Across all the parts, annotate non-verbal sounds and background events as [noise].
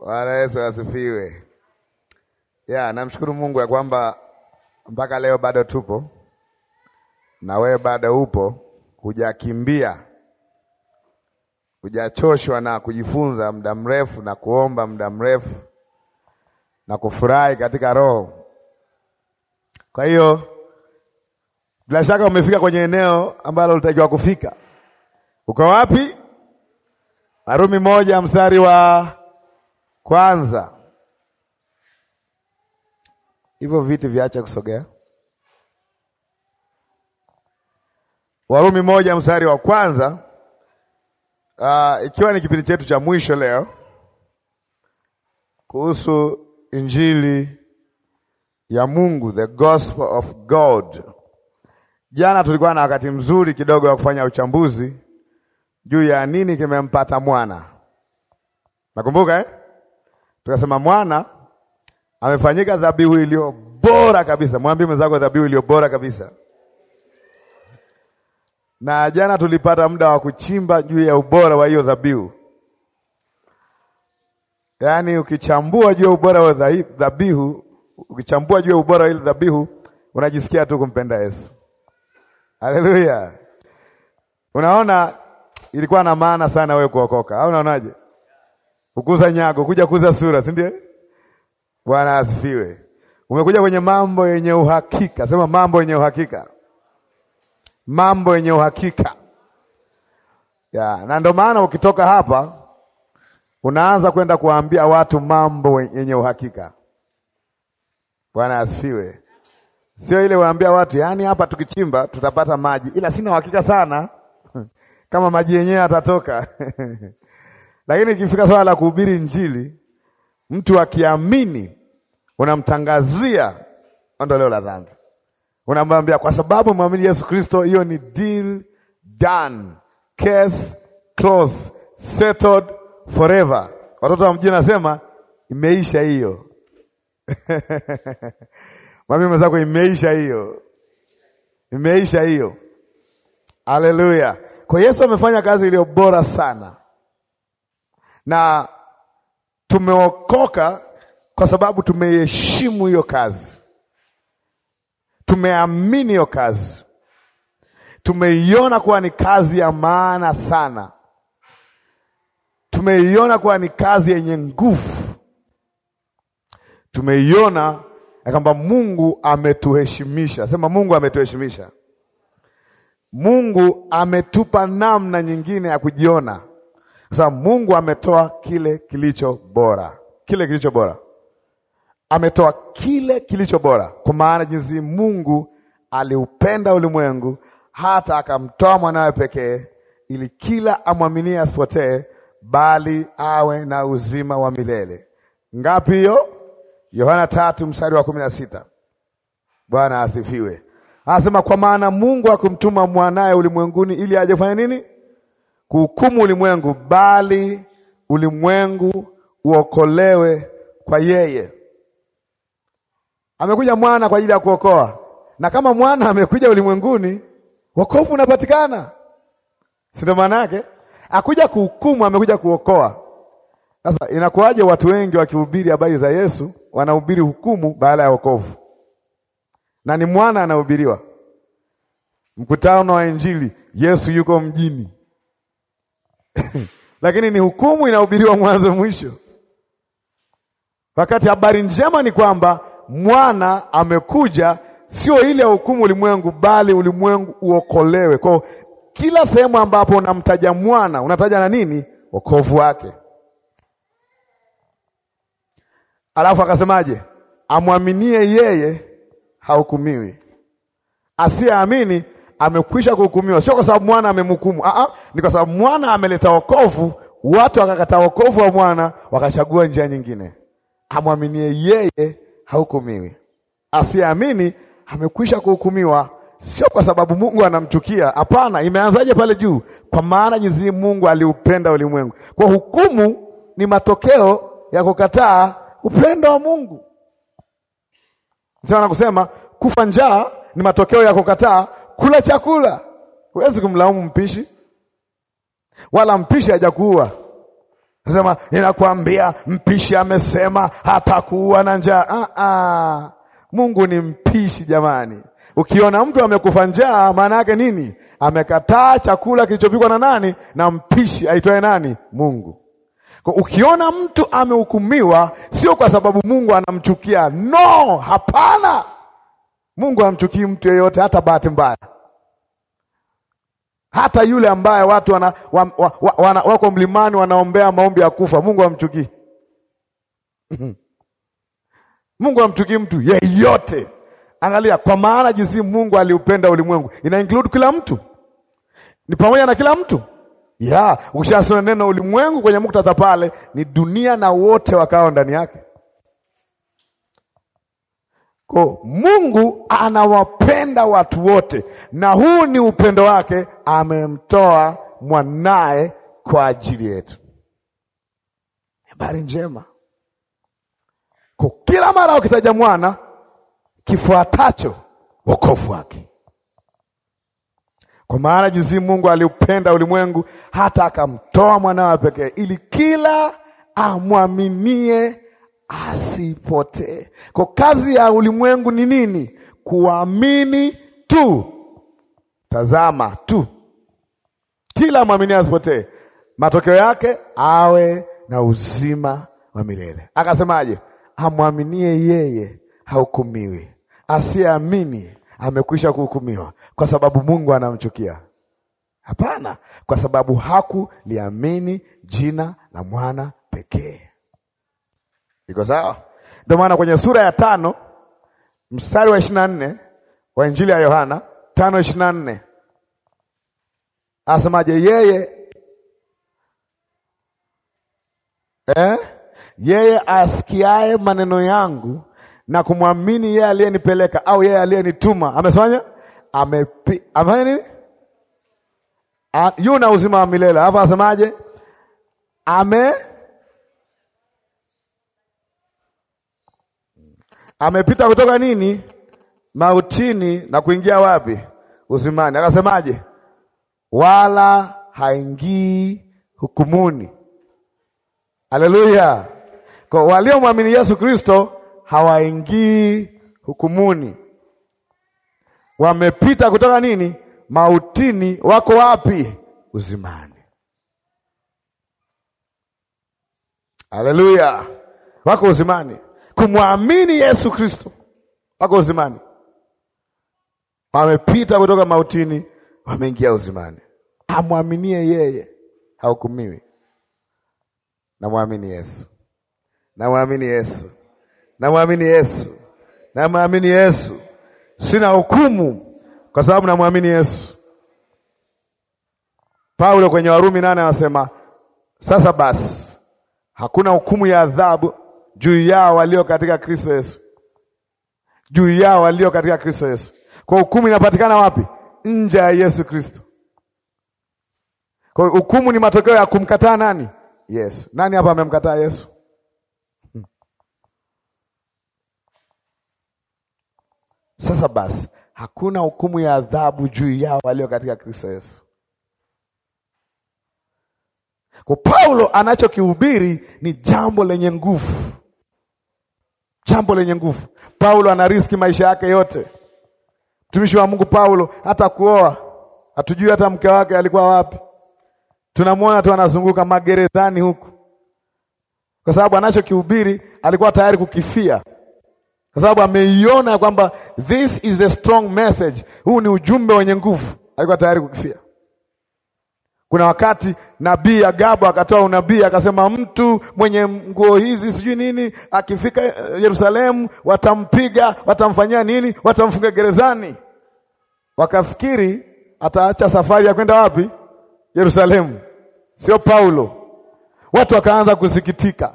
Bwana Yesu asifiwe. Yeah, namshukuru Mungu ya kwamba mpaka leo bado tupo na wewe bado upo, hujakimbia, hujachoshwa na kujifunza muda mrefu na kuomba muda mrefu na kufurahi katika Roho. Kwa hiyo bila shaka umefika kwenye eneo ambalo ulitakiwa kufika. Uko wapi? Warumi moja mstari wa kwanza hivyo viti viache kusogea. Warumi moja mstari wa kwanza. Uh, ikiwa ni kipindi chetu cha mwisho leo kuhusu injili ya Mungu, the gospel of God. Jana tulikuwa na wakati mzuri kidogo wa kufanya uchambuzi juu ya nini kimempata mwana, nakumbuka eh? Tukasema mwana amefanyika dhabihu iliyo bora kabisa. Mwambie mwenzako dhabihu iliyo bora kabisa. Na jana tulipata muda wa kuchimba juu ya ubora wa hiyo dhabihu, yaani ukichambua juu ya ubora wa dhabihu, ukichambua juu ya ubora wa ile dhabihu unajisikia tu kumpenda Yesu. Haleluya! Unaona, ilikuwa na maana sana wewe kuokoka, au unaonaje? kukuza nyago, kuja kuuza sura, si ndio? Bwana asifiwe. Umekuja kwenye mambo yenye uhakika, sema mambo yenye uhakika, mambo yenye uhakika ya. Na ndio maana ukitoka hapa unaanza kwenda kuwaambia watu mambo yenye uhakika. Bwana asifiwe. Sio ile waambia watu, yaani hapa tukichimba tutapata maji, ila sina uhakika sana [laughs] kama maji yenyewe atatoka [laughs] Lakini ikifika swala la kuhubiri Injili, mtu akiamini, unamtangazia ondoleo la dhambi, unamwambia kwa sababu mwamini Yesu Kristo, hiyo ni deal done, case closed, settled forever. Watoto wa mjini nasema imeisha hiyo. [laughs] Mwambie mwenzako imeisha hiyo, imeisha hiyo. Haleluya! Kwa Yesu amefanya kazi iliyo bora sana na tumeokoka kwa sababu tumeheshimu hiyo kazi, tumeamini hiyo kazi, tumeiona kuwa ni kazi ya maana sana, tumeiona kuwa ni kazi yenye nguvu, tumeiona ya kwamba Mungu ametuheshimisha. Sema Mungu ametuheshimisha. Mungu ametupa namna nyingine ya kujiona sasa Mungu ametoa kile kilicho bora, kile kilicho bora, ametoa kile kilicho bora, kwa maana jinsi Mungu aliupenda ulimwengu hata akamtoa mwanawe pekee, ili kila amwaminie asipotee, bali awe na uzima wa milele. Ngapi hiyo? Yohana tatu mstari wa kumi na sita. Bwana asifiwe. Anasema kwa maana Mungu akumtuma mwanaye ulimwenguni ili aje nini? kuhukumu ulimwengu, bali ulimwengu uokolewe kwa yeye. Amekuja mwana kwa ajili ya kuokoa, na kama mwana amekuja ulimwenguni, wokovu unapatikana, si ndio? Maana yake akuja kuhukumu, amekuja kuokoa. Sasa inakuwaje watu wengi wakihubiri habari za Yesu wanahubiri hukumu badala ya wokovu? Na ni mwana anahubiriwa. Mkutano wa Injili, Yesu yuko mjini [laughs] lakini ni hukumu inahubiriwa mwanzo mwisho, wakati habari njema ni kwamba mwana amekuja, sio ile ya hukumu ulimwengu, bali ulimwengu uokolewe. Kwa kila sehemu ambapo unamtaja mwana unataja na nini? Wokovu wake. Alafu akasemaje? Amwaminie yeye hahukumiwi, asiyeamini amekwisha kuhukumiwa, sio kwa sababu mwana amemhukumu. Ah, ah. ni kwa sababu mwana ameleta wokovu, watu wakakataa wokovu wa mwana, wakachagua njia nyingine. Amwaminie yeye hahukumiwi, asiamini amekwisha kuhukumiwa, sio kwa sababu Mungu anamchukia. Hapana, imeanzaje pale juu? Kwa maana jinsi Mungu aliupenda ulimwengu. Kwa hukumu ni matokeo ya kukataa upendo wa Mungu. Msana kusema kufa njaa ni matokeo ya kukataa kula chakula. Huwezi kumlaumu mpishi, wala mpishi hajakuua. Nasema ninakwambia, mpishi amesema hatakuua na njaa. Ah, ah. Mungu ni mpishi jamani. Ukiona mtu amekufa njaa, maana yake nini? Amekataa chakula kilichopikwa na nani? Na mpishi aitwaye nani? Mungu. Kwa ukiona mtu amehukumiwa, sio kwa sababu Mungu anamchukia, no, hapana. Mungu hamchukii mtu yeyote, hata bahati mbaya, hata yule ambaye watu wana, wa, wa, wa, wana, wako mlimani wanaombea maombi ya kufa. Mungu hamchukii [laughs] Mungu hamchukii mtu yeyote. Angalia, kwa maana jinsi Mungu aliupenda ulimwengu, ina include kila mtu, ni pamoja na kila mtu ya yeah. Ukishasoma neno ulimwengu kwenye muktadha pale, ni dunia na wote wakao ndani yake. Kwa Mungu anawapenda watu wote, na huu ni upendo wake, amemtoa mwanaye kwa ajili yetu. Habari njema. Kwa kila mara ukitaja mwana, kifuatacho wokovu wake. Kwa maana jinsi Mungu aliupenda ulimwengu hata akamtoa mwanawe pekee, ili kila amwaminie asipotee. Kwa kazi ya ulimwengu ni nini? Kuamini tu, tazama tu, kila mwamini asipotee, matokeo yake awe na uzima wa milele. Akasemaje? Amwaminie yeye hahukumiwi, asiyeamini amekwisha kuhukumiwa, kwa sababu Mungu anamchukia. Hapana, kwa sababu hakuliamini jina la mwana pekee. Iko sawa? Ndio maana kwenye sura ya tano mstari wa ishirini na nne wa Injili ya Yohana tano ishirini na nne asemaje? Yeye eh? Yeye asikiae maneno yangu na kumwamini yeye aliyenipeleka au yeye aliyenituma amesemaje? amepi amefanya nini? Yuna uzima wa milele. Alafu asemaje? ame amepita kutoka nini mautini na kuingia wapi uzimani. Akasemaje? wala haingii hukumuni. Haleluya! Kwa waliomwamini Yesu Kristo hawaingii hukumuni, wamepita kutoka nini mautini, wako wapi uzimani. Haleluya! wako uzimani kumwamini Yesu Kristo wako uzimani, wamepita kutoka mautini, wameingia uzimani. Amwaminie yeye haukumiwi. Namwamini Yesu, namwamini Yesu, namwamini Yesu, namwamini Yesu. Sina hukumu kwa sababu namwamini Yesu. Paulo kwenye Warumi nane anasema sasa basi hakuna hukumu ya adhabu juu yao walio katika Kristo Yesu, juu yao walio katika Kristo Yesu. Kwa hukumu inapatikana wapi? Nje ya Yesu Kristo. Kwa hukumu ni matokeo ya kumkataa nani? Yesu. Nani hapa amemkataa Yesu? Hmm. Sasa basi hakuna hukumu ya adhabu juu yao walio katika Kristo Yesu. Kwa Paulo anachokihubiri ni jambo lenye nguvu jambo lenye nguvu. Paulo ana riski maisha yake yote, mtumishi wa Mungu Paulo, hata kuoa hatujui, hata mke wake alikuwa wapi. Tunamwona tu anazunguka magerezani huku, kwa sababu anachokihubiri alikuwa tayari kukifia, kwa sababu ameiona kwamba this is the strong message, huu ni ujumbe wenye nguvu, alikuwa tayari kukifia. Kuna wakati nabii Agabu akatoa unabii akasema, mtu mwenye nguo hizi sijui nini akifika eh, Yerusalemu watampiga, watamfanyia nini, watamfunga gerezani. Wakafikiri ataacha safari ya kwenda wapi? Yerusalemu, sio Paulo. Watu wakaanza kusikitika,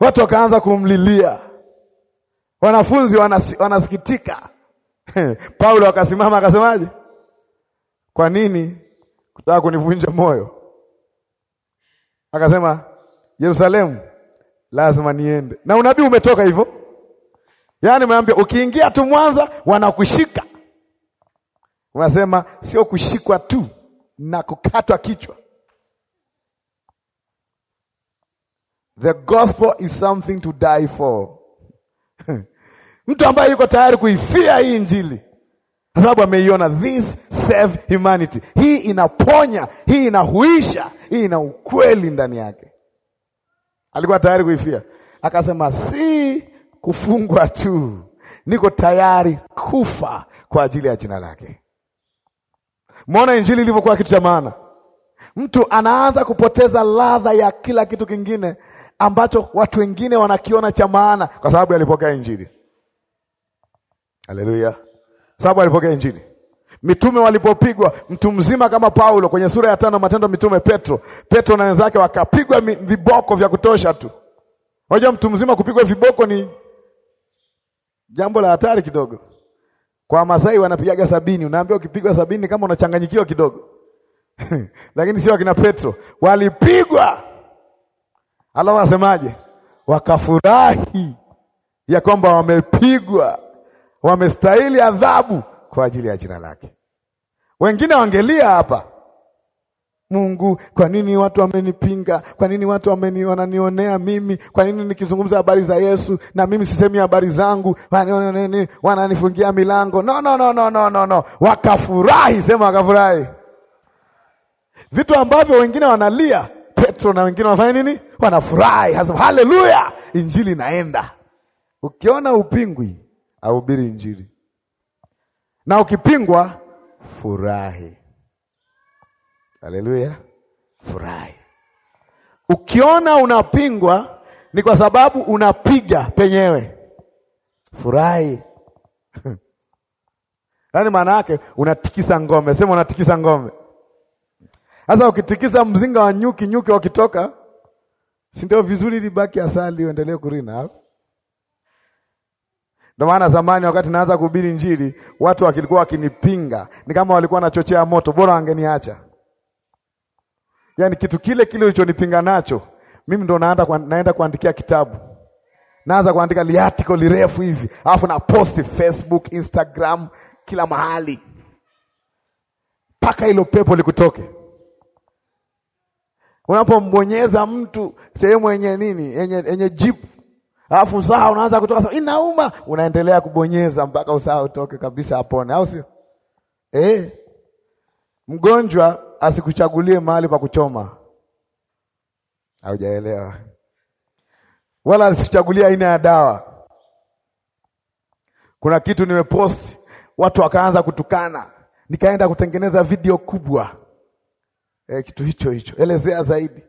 watu wakaanza kumlilia, wanafunzi wanas, wanasikitika [laughs] Paulo akasimama akasemaje? Kwa nini Nataka kunivunja moyo. Akasema Yerusalemu lazima niende. Na unabii umetoka hivyo. Yaani mwambia ukiingia tu Mwanza wanakushika. Unasema sio kushikwa tu na kukatwa kichwa. The gospel is something to die for. [laughs] Mtu ambaye yuko tayari kuifia hii Injili kwa sababu ameiona. This save humanity, hii inaponya, hii inahuisha, hii ina ukweli ndani yake. Alikuwa tayari kuifia, akasema si kufungwa tu, niko tayari kufa kwa ajili ya jina lake. Mwona injili ilivyokuwa kitu cha maana. Mtu anaanza kupoteza ladha ya kila kitu kingine ambacho watu wengine wanakiona cha maana, kwa sababu alipokea injili. Haleluya! sababu alipokea Injili. Mitume walipopigwa, mtu mzima kama Paulo kwenye sura ya tano Matendo Mitume, Petro Petro na wenzake wakapigwa viboko vya kutosha tu. Unajua, mtu mzima kupigwa viboko ni jambo la hatari kidogo. Kwa Masai wanapigaga sabini, unaambia ukipigwa sabini kama unachanganyikiwa kidogo [laughs] lakini sio akina Petro walipigwa, alafu asemaje? Wakafurahi ya kwamba wamepigwa wamestahili adhabu kwa ajili ya jina lake. Wengine wangelia hapa, Mungu, kwa nini watu wamenipinga? Kwa nini watu wameni wananionea mimi? Kwa nini nikizungumza habari za Yesu na mimi sisemi habari zangu? Wananifungia milango. No, no, no, no, no, no, no. Wakafurahi, sema wakafurahi, vitu ambavyo wengine wanalia. Petro na wengine wanafanya nini? Wanafurahi, haleluya, injili inaenda. Ukiona upingwi ahubiri Injili, na ukipingwa furahi. Haleluya, furahi. Ukiona unapingwa ni kwa sababu unapiga penyewe, furahi. [laughs] Yaani maana yake unatikisa ngome, sema unatikisa ngome. Sasa ukitikisa mzinga wa nyuki, nyuki wakitoka, si ndio vizuri libaki asali uendelee kurina hapo. Ndio maana zamani wakati naanza kuhubiri Injili, watu walikuwa wakinipinga, ni kama walikuwa nachochea moto, bora wangeniacha. Yaani kitu kile kile ulichonipinga nacho, mimi ndo naenda kwa, naenda kuandikia kitabu. Naanza kuandika liatiko lirefu hivi, alafu na post Facebook, Instagram, kila mahali. Paka ilo pepo likutoke. Unapombonyeza mtu sehemu yenye nini, yenye yenye jeep Alafu usaha unaanza kutoka sasa, inauma, unaendelea kubonyeza mpaka usaha utoke kabisa, apone, au sio? Eh, mgonjwa asikuchagulie mahali pa kuchoma. Haujaelewa? Wala asikuchagulie aina ya dawa. Kuna kitu nimepost, watu wakaanza kutukana, nikaenda kutengeneza video kubwa eh, kitu hicho hicho, elezea zaidi.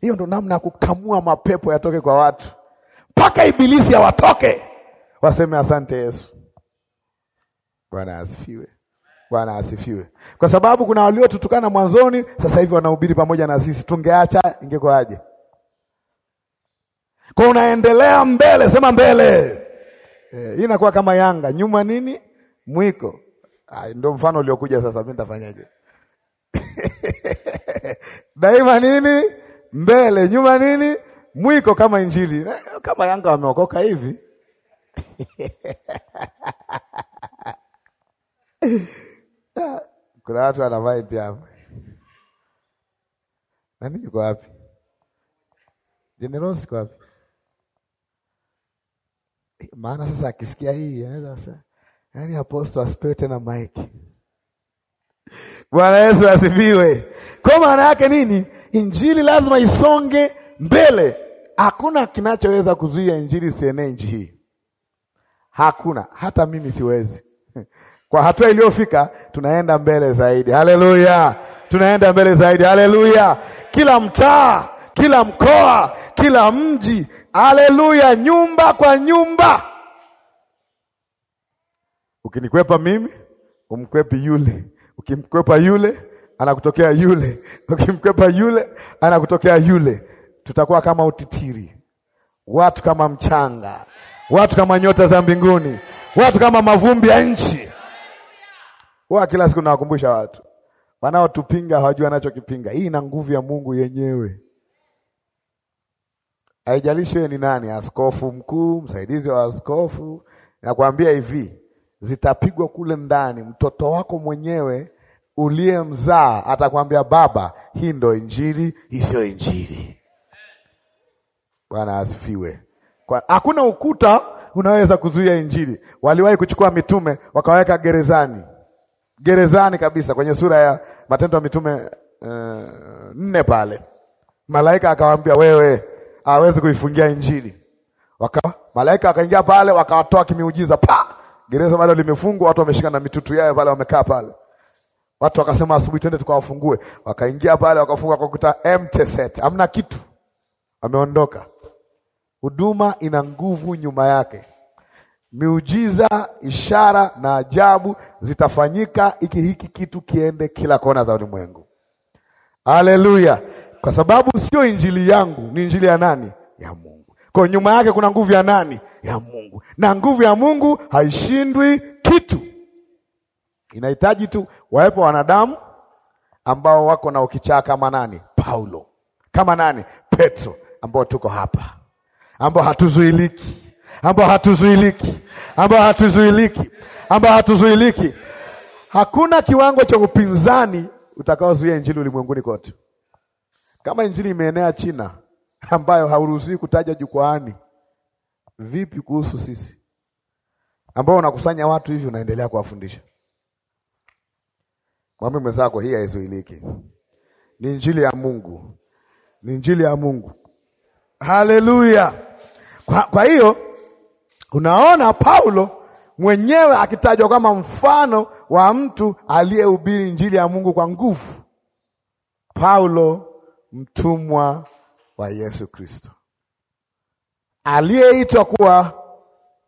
Hiyo ndo namna ya kukamua mapepo yatoke kwa watu mpaka ibilisi awatoke, waseme asante Yesu. Bwana asifiwe. Bwana asifiwe. Kwa sababu kuna waliotutukana mwanzoni, sasa hivi wanahubiri pamoja na sisi. Tungeacha ingekuwaje? Kwa unaendelea mbele, sema mbele. Eh, hii inakuwa kama Yanga, nyuma nini? Mwiko. Ah, ndio mfano uliokuja sasa, mimi nitafanyaje? [laughs] Daima nini? Mbele, nyuma nini? mwiko kama Injili. Eh, kama Yanga wameokoka hivi [laughs] kuna watu wanavaiti hapo. Nani yuko wapi? jenerosi kwapi Maana sasa akisikia hii anaweza sasa, yani apostol asipewe tena maiki. Bwana Yesu asifiwe. Kwa maana yake nini? Injili lazima isonge mbele. Hakuna kinachoweza kuzuia injili sienee nchi hii, hakuna. Hata mimi siwezi. [laughs] Kwa hatua iliyofika, tunaenda mbele zaidi. Haleluya, tunaenda mbele zaidi. Haleluya, kila mtaa, kila mkoa, kila mji. Haleluya, nyumba kwa nyumba. Ukinikwepa mimi, umkwepi yule. Ukimkwepa yule, anakutokea yule. Ukimkwepa yule, anakutokea yule tutakuwa kama utitiri, watu kama mchanga, watu kama nyota za mbinguni, watu kama mavumbi ya nchi. Huwa kila siku nawakumbusha watu wanaotupinga hawajui wanachokipinga. Hii ina nguvu ya Mungu yenyewe. Haijalishi wewe ni nani, askofu mkuu, msaidizi wa askofu. Nakwambia hivi, zitapigwa kule ndani. Mtoto wako mwenyewe uliyemzaa atakwambia, baba, hii ndo injili, sio injili. Bwana asifiwe. Hakuna ukuta unaweza kuzuia Injili. Waliwahi kuchukua mitume wakaweka gerezani, gerezani kabisa, kwenye sura ya Matendo ya Mitume uh, nne, pale malaika akawaambia, wewe hawezi kuifungia Injili. Waka, malaika akaingia pale wakawatoa kimiujiza, pa gereza bado limefungwa, watu wameshika na mitutu yao pale, wamekaa pale Watu wakasema asubuhi twende tukawafungue. Wakaingia pale wakafunga, kwa kuta empty set. Hamna kitu. Wameondoka. Huduma ina nguvu nyuma yake. Miujiza, ishara na ajabu zitafanyika iki hiki kitu kiende kila kona za ulimwengu. Haleluya! Kwa sababu sio injili yangu, ni injili ya nani? Ya Mungu. Kwa nyuma yake kuna nguvu ya nani? Ya Mungu. Na nguvu ya Mungu haishindwi kitu, inahitaji tu wawepo wanadamu ambao wako na ukichaa kama nani? Paulo, kama nani? Petro, ambao tuko hapa ambao hatuzuiliki, ambao hatuzuiliki, ambao hatuzuiliki, ambao hatuzuiliki. Hakuna kiwango cha upinzani utakaozuia injili ulimwenguni kote. Kama injili imeenea China ambayo hauruhusiwi kutaja jukwaani, vipi kuhusu sisi ambao unakusanya watu hivi, unaendelea kuwafundisha Mwambie mwenzako? Hii haizuiliki, ni injili ya Mungu, ni injili ya Mungu. Haleluya! Kwa, kwa hiyo unaona Paulo mwenyewe akitajwa kama mfano wa mtu aliyehubiri Injili ya Mungu kwa nguvu. Paulo mtumwa wa Yesu Kristo aliyeitwa kuwa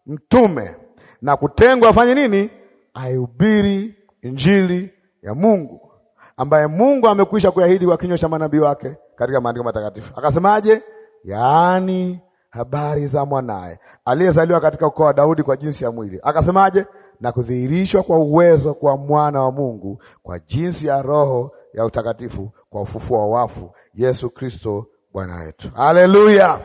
mtume na kutengwa afanye nini? Aihubiri Injili ya Mungu ambaye Mungu amekwisha kuahidi kwa kinywa cha manabii wake katika maandiko matakatifu. Akasemaje? Yaani habari za mwanaye aliyezaliwa katika ukoo wa Daudi kwa jinsi ya mwili, akasemaje? Na kudhihirishwa kwa uwezo kwa mwana wa Mungu kwa jinsi ya roho ya utakatifu kwa ufufuo wa wafu, Yesu Kristo Bwana wetu. Haleluya!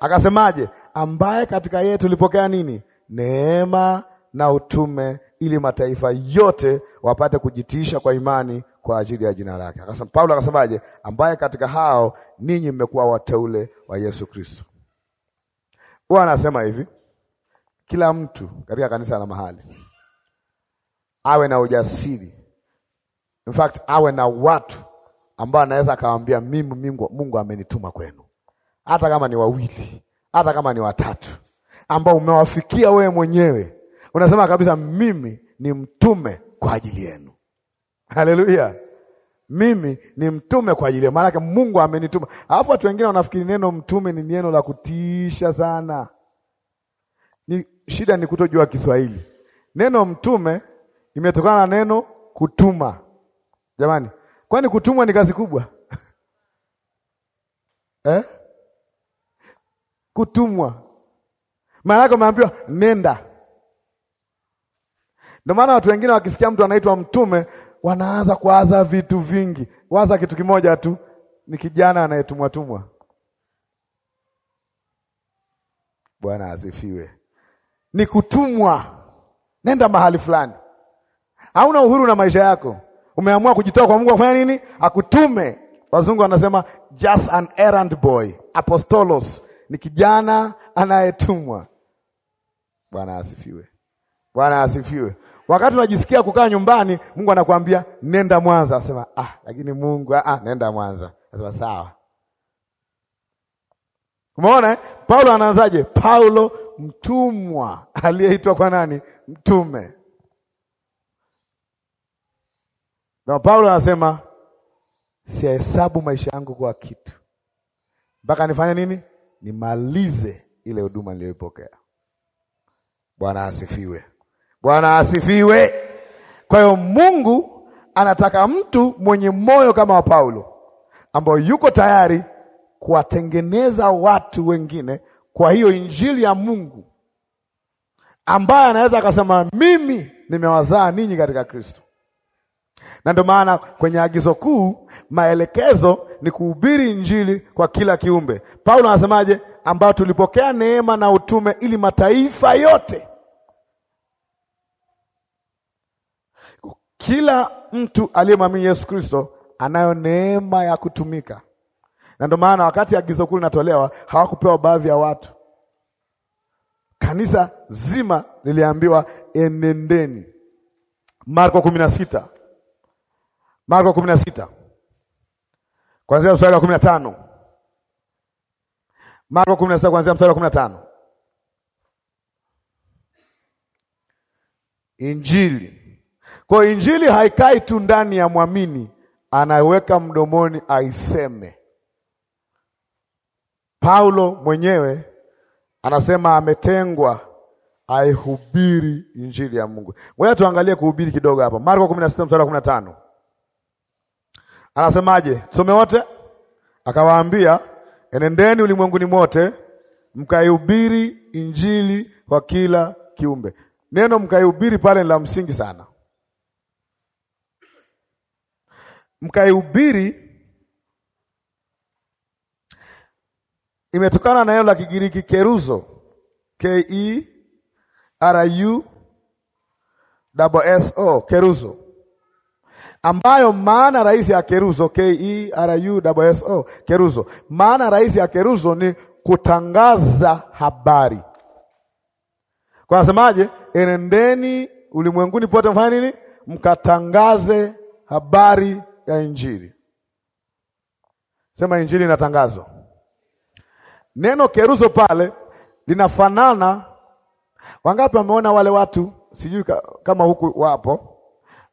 Akasemaje? ambaye katika yeye tulipokea nini? Neema na utume, ili mataifa yote wapate kujitiisha kwa imani kwa ajili ya jina lake. Paulo akasemaje? ambaye katika hao ninyi mmekuwa wateule wa Yesu Kristo. Huwa anasema hivi, kila mtu katika kanisa la mahali awe na ujasiri, in fact awe na watu ambao anaweza akawaambia mimi Mungu, Mungu amenituma kwenu, hata kama ni wawili, hata kama ni watatu, ambao umewafikia wewe mwenyewe, unasema kabisa, mimi ni mtume kwa ajili yenu. Haleluya! mimi ni mtume kwa ajili, maanake Mungu amenituma. Alafu watu wengine wanafikiri neno mtume ni neno la kutiisha sana. Ni shida ni kutojua Kiswahili. Neno mtume imetokana na neno kutuma. Jamani, kwani kutumwa ni kazi kubwa [laughs] eh? Kutumwa maana yake umeambiwa nenda. Ndio maana watu wengine wakisikia mtu anaitwa mtume wanaanza kuwaza vitu vingi. Waza kitu kimoja tu, ni kijana anayetumwa tumwa. Bwana asifiwe. Ni kutumwa, nenda mahali fulani, hauna uhuru na maisha yako, umeamua kujitoa kwa Mungu afanya nini? Akutume. Wazungu wanasema just an errand boy, apostolos ni kijana anayetumwa. Bwana asifiwe. Bwana asifiwe. Wakati unajisikia kukaa nyumbani, Mungu anakuambia nenda Mwanza, asema ah, lakini Mungu ah, ah nenda Mwanza, asema sawa. Umeona eh? Paulo anaanzaje? Paulo mtumwa aliyeitwa kwa nani? Mtume. Na Paulo anasema sihesabu maisha yangu kwa kitu mpaka nifanye nini? Nimalize ile huduma niliyoipokea. Bwana asifiwe. Bwana asifiwe. Kwa hiyo Mungu anataka mtu mwenye moyo kama wa Paulo, ambayo yuko tayari kuwatengeneza watu wengine kwa hiyo injili ya Mungu, ambaye anaweza akasema mimi nimewazaa ninyi katika Kristo. Na ndio maana kwenye agizo kuu maelekezo ni kuhubiri injili kwa kila kiumbe. Paulo anasemaje? Ambao tulipokea neema na utume ili mataifa yote Kila mtu aliyemwamini Yesu Kristo anayo neema ya kutumika, na ndio maana wakati agizo kuu linatolewa hawakupewa baadhi ya watu, kanisa zima liliambiwa enendeni. Marko kumi na sita Marko kumi na sita kwanzia mstari wa kumi na tano Marko kumi na sita kwanzia mstari wa kumi na tano Injili kwa injili haikai tu ndani ya mwamini, anaweka mdomoni aiseme. Paulo mwenyewe anasema ametengwa aihubiri injili ya Mungu. Ngoja tuangalie kuhubiri kidogo hapa. Marko 16 mstari wa 15. Anasemaje? Tusome wote. Akawaambia, enendeni ulimwenguni mote mkaihubiri injili kwa kila kiumbe. Neno mkaihubiri pale ni la msingi sana. mkaihubiri imetokana na neno la Kigiriki keruzo, K E R U S O, keruzo, ambayo maana rahisi ya keruzo, K E R U S O, keruzo, maana rahisi ya keruzo ni kutangaza habari. Kwa nasemaje? Enendeni ulimwenguni pote, mfanye nini? Mkatangaze habari ya Injili. Sema Injili inatangazwa. Neno keruzo pale linafanana. Wangapi wameona wale watu, sijui kama huku wapo,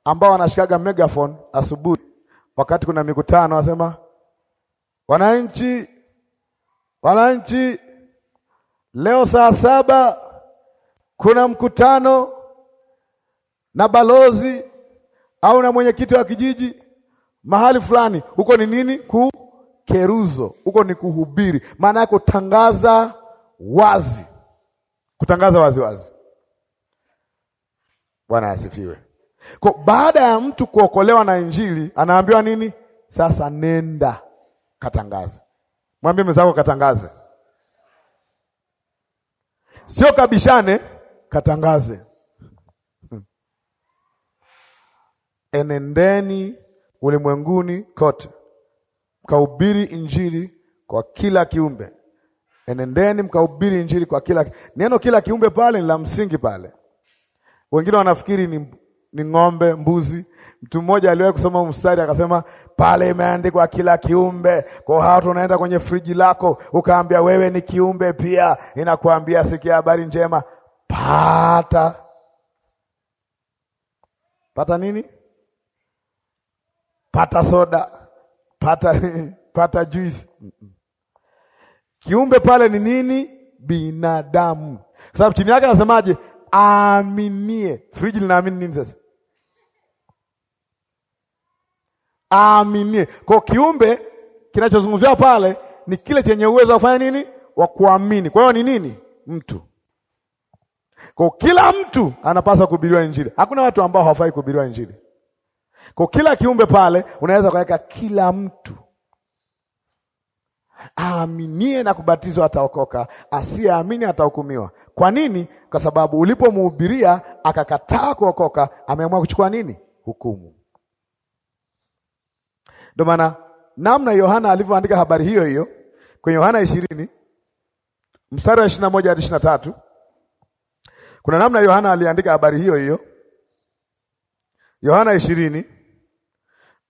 ambao wanashikaga megaphone asubuhi wakati kuna mikutano, wasema wananchi, wananchi, leo saa saba kuna mkutano na balozi au na mwenyekiti wa kijiji mahali fulani, huko ni nini? Kukeruzo, huko ni kuhubiri, maana yake kutangaza wazi, kutangaza wazi wazi. Bwana asifiwe. Kwa baada ya mtu kuokolewa na Injili anaambiwa nini? Sasa nenda katangaza, mwambie mwenzako katangaze, sio kabishane, katangaze. [laughs] Enendeni ulimwenguni kote, mkahubiri injili kwa kila kiumbe. Enendeni mkahubiri injili kwa kila neno. Kila kiumbe pale ni la msingi pale. Wengine wanafikiri ni, ni ng'ombe, mbuzi. Mtu mmoja aliwahi kusoma mstari akasema pale imeandikwa kila kiumbe, kwa hata unaenda kwenye friji lako ukaambia wewe ni kiumbe pia, inakuambia sikia habari njema, pata pata nini? pata soda, pata [laughs] pata juisi. Kiumbe pale ni nini? Binadamu, kwa sababu chini yake anasemaje? Aaminie. Friji linaamini nini sasa? Aaminie. Kwa kiumbe kinachozungumziwa pale ni kile chenye uwezo wa kufanya nini? Wa kuamini. Kwa hiyo ni nini? Mtu. Kwa kila mtu anapaswa kuhubiriwa Injili. Hakuna watu ambao hawafai kuhubiriwa Injili. Kwa kila kiumbe pale unaweza kuweka kila mtu aaminie na kubatizwa ataokoka, asiyeamini atahukumiwa. Kwa nini? Kwa sababu ulipomhubiria akakataa kuokoka, ameamua kuchukua nini? Hukumu. Ndio maana namna Yohana alivyoandika habari hiyo hiyo kwenye Yohana ishirini mstari wa ishirini na moja hadi ishirini na tatu kuna namna Yohana aliandika habari hiyo hiyo, Yohana ishirini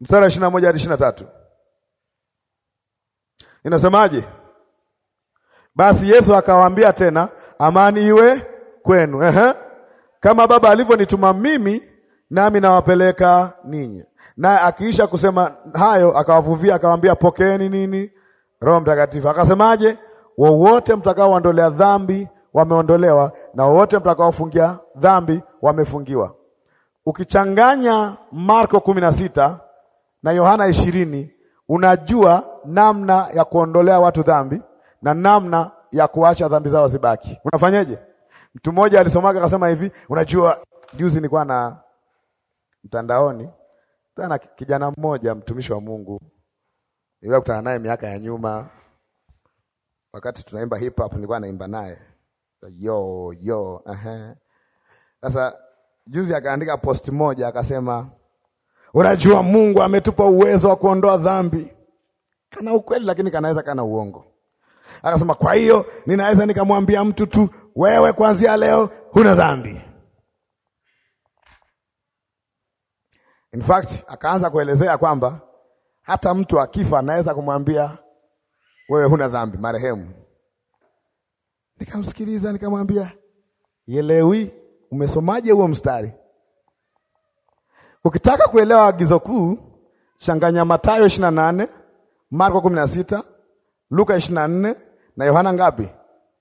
mstari wa ishirini na moja hadi ishirini na tatu inasemaje? Basi Yesu akawaambia tena, amani iwe kwenu. Ehe, kama Baba alivyonituma mimi, nami nawapeleka ninyi. Naye akiisha kusema hayo, akawavuvia akawaambia, pokeeni nini? Roho Mtakatifu. Akasemaje? wowote mtakaoondolea dhambi wameondolewa, na wowote mtakaofungia dhambi wamefungiwa. Ukichanganya Marko kumi na sita na Yohana ishirini unajua namna ya kuondolea watu dhambi na namna ya kuacha dhambi zao zibaki. Unafanyaje? Mtu mmoja alisomaga akasema hivi, unajua juzi nilikuwa na mtandaoni na kijana mmoja mtumishi wa Mungu nilikuwa kutana naye miaka ya nyuma, wakati tunaimba hip hop nilikuwa naimba naye yo yo, ehe. Sasa juzi akaandika post moja akasema Unajua Mungu ametupa uwezo wa kuondoa dhambi. Kana ukweli lakini kanaweza kana uongo. Akasema kwa hiyo ninaweza nikamwambia mtu tu wewe kuanzia leo huna dhambi. In fact, akaanza kuelezea kwamba hata mtu akifa anaweza kumwambia wewe huna dhambi, marehemu. Nikamsikiliza nikamwambia, "Yelewi, umesomaje huo mstari?" Ukitaka kuelewa agizo kuu, changanya Mathayo 28, Marko 16, Luka 24 na na Yohana ngapi?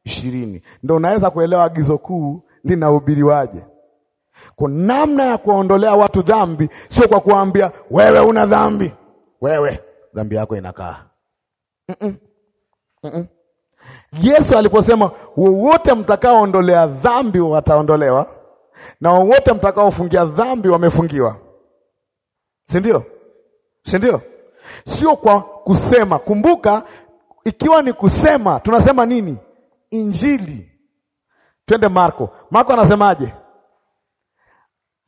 Ishirini. Ndio unaweza kuelewa agizo kuu linahubiriwaje. Kwa namna ya kuondolea watu dhambi, sio kwa kuambia wewe una dhambi, wewe dhambi yako inakaa. mm -mm. mm -mm. Yesu aliposema wowote mtakaoondolea dhambi wataondolewa na wowote mtakaofungia dhambi wamefungiwa si ndio? si ndio? Sio kwa kusema. Kumbuka, ikiwa ni kusema, tunasema nini? Injili. Twende Marko. Marko anasemaje?